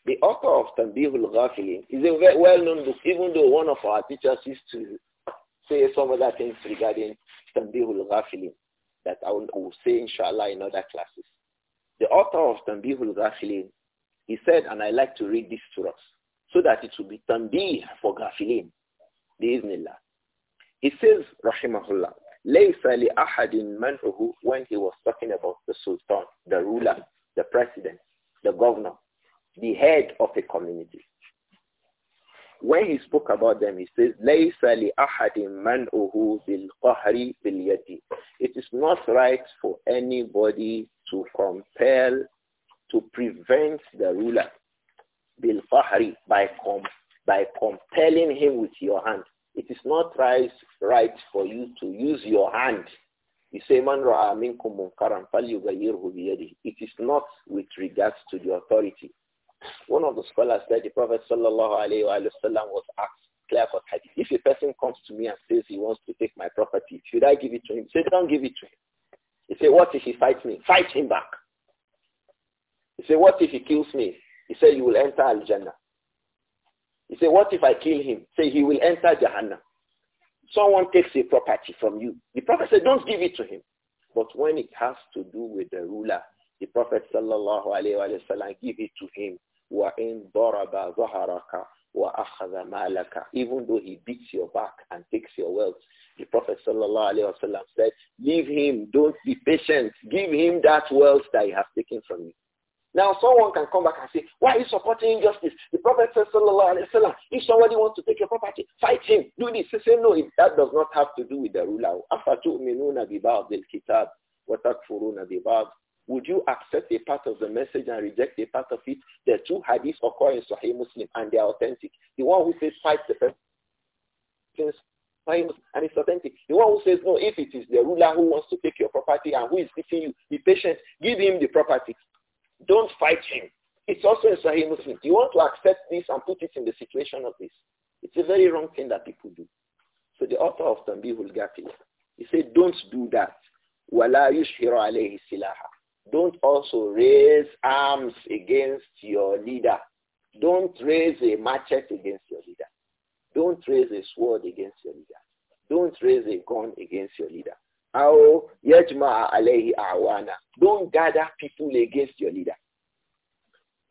The author of Tambihul Ghafilin is a well-known book, even though one of our teachers used to say some other things regarding Tambihul Ghafilin that I will, will say, inshallah, in other classes. The author of Tambihul Ghafilin he said, and I like to read this to us, so that it will be tanbih for gafilin. Bismillah. He says, rahimahullah, لَيْسَ لِأَحَدٍ مَنْعُهُ when he was talking about the sultan, the ruler, the president, the governor, the head of a community. When he spoke about them, he says, لَيْسَ لِأَحَدٍ مَنْعُهُ بِالْقَهْرِ بِالْيَدِ It is not right for anybody to compel to prevent the ruler bil fahri by com by compelling him with your hand. It is not right, right for you to use your hand. You say, man minkum munkaran falyughayyirhu biyadihi. It is not with regards to the authority. One of the scholars said the Prophet sallallahu alaihi wasallam was asked clear for hadith. If a person comes to me and says he wants to take my property, should I give it to him? Say, don't give it to him. He say, what if he fights me? Fight him back. He said, what if he kills me? He said, you will enter Al-Jannah. He said, what if I kill him? Say, he will enter Jahannam. Someone takes a property from you. The Prophet said, don't give it to him. But when it has to do with the ruler, the Prophet sallallahu alayhi wa sallam give it to him. وَإِن ضَرَبَ ظَهَرَكَ وَأَخَذَ مَالَكَ Even though he beats your back and takes your wealth, the Prophet sallallahu alayhi wa sallam said, leave him, don't be patient, give him that wealth that he has taken from you. Now someone can come back and say, why are you supporting injustice? The Prophet says, sallallahu alayhi if somebody wants to take your property, fight him, do this. He say, no, that does not have to do with the ruler. After would kitab would you accept a part of the message and reject a part of it? The two hadiths occur in Sahih Muslim and they are authentic. The one who says fight the person and it's authentic. The one who says, no, if it is the ruler who wants to take your property and who is beating you, be patient. Give him the property. Don't fight him. It's also in Sahih Muslim. Do you want to accept this and put it in the situation of this? It's a very wrong thing that people do. So the author of Tanbihul Ghafil, he said, don't do that. وَلَا يُشْهِرُ عَلَيْهِ سِلَاحًا Don't also raise arms against your leader. Don't raise a machete against your leader. Don't raise a sword against your leader. Don't raise a gun against your leader do Don't gather people against your leader.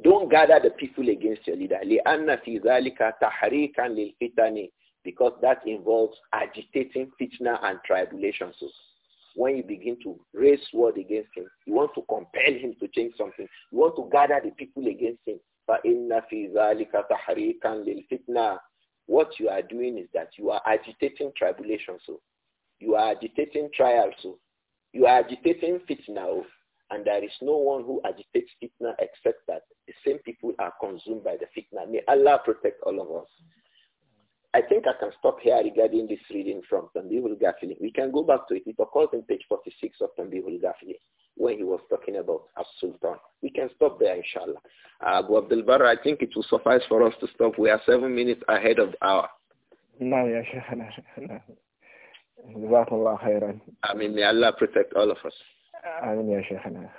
Don't gather the people against your leader. because that involves agitating fitna and tribulation. So when you begin to raise word against him, you want to compel him to change something. You want to gather the people against him. What you are doing is that you are agitating tribulation. So you are agitating trials. So oh. you are agitating fitna. Oh. And there is no one who agitates fitna except that the same people are consumed by the fitna. May Allah protect all of us. I think I can stop here regarding this reading from Tanbihul Ghafili. We can go back to it. It occurs in page 46 of Tanbihul Ghafili when he was talking about As-Sultan. We can stop there, inshallah. Uh, Abu Abdul Barra, I think it will suffice for us to stop. We are seven minutes ahead of the hour. No, yeah, Jazakallah khairan. I mean, may Allah protect all of us. Amin ya Shaykhana.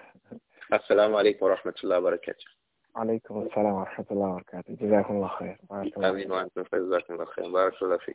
Assalamu alaikum wa rahmatullahi wa barakatuh. عليكم JazakAllah khair. Amin وبركاته جزاكم الله خير بارك الله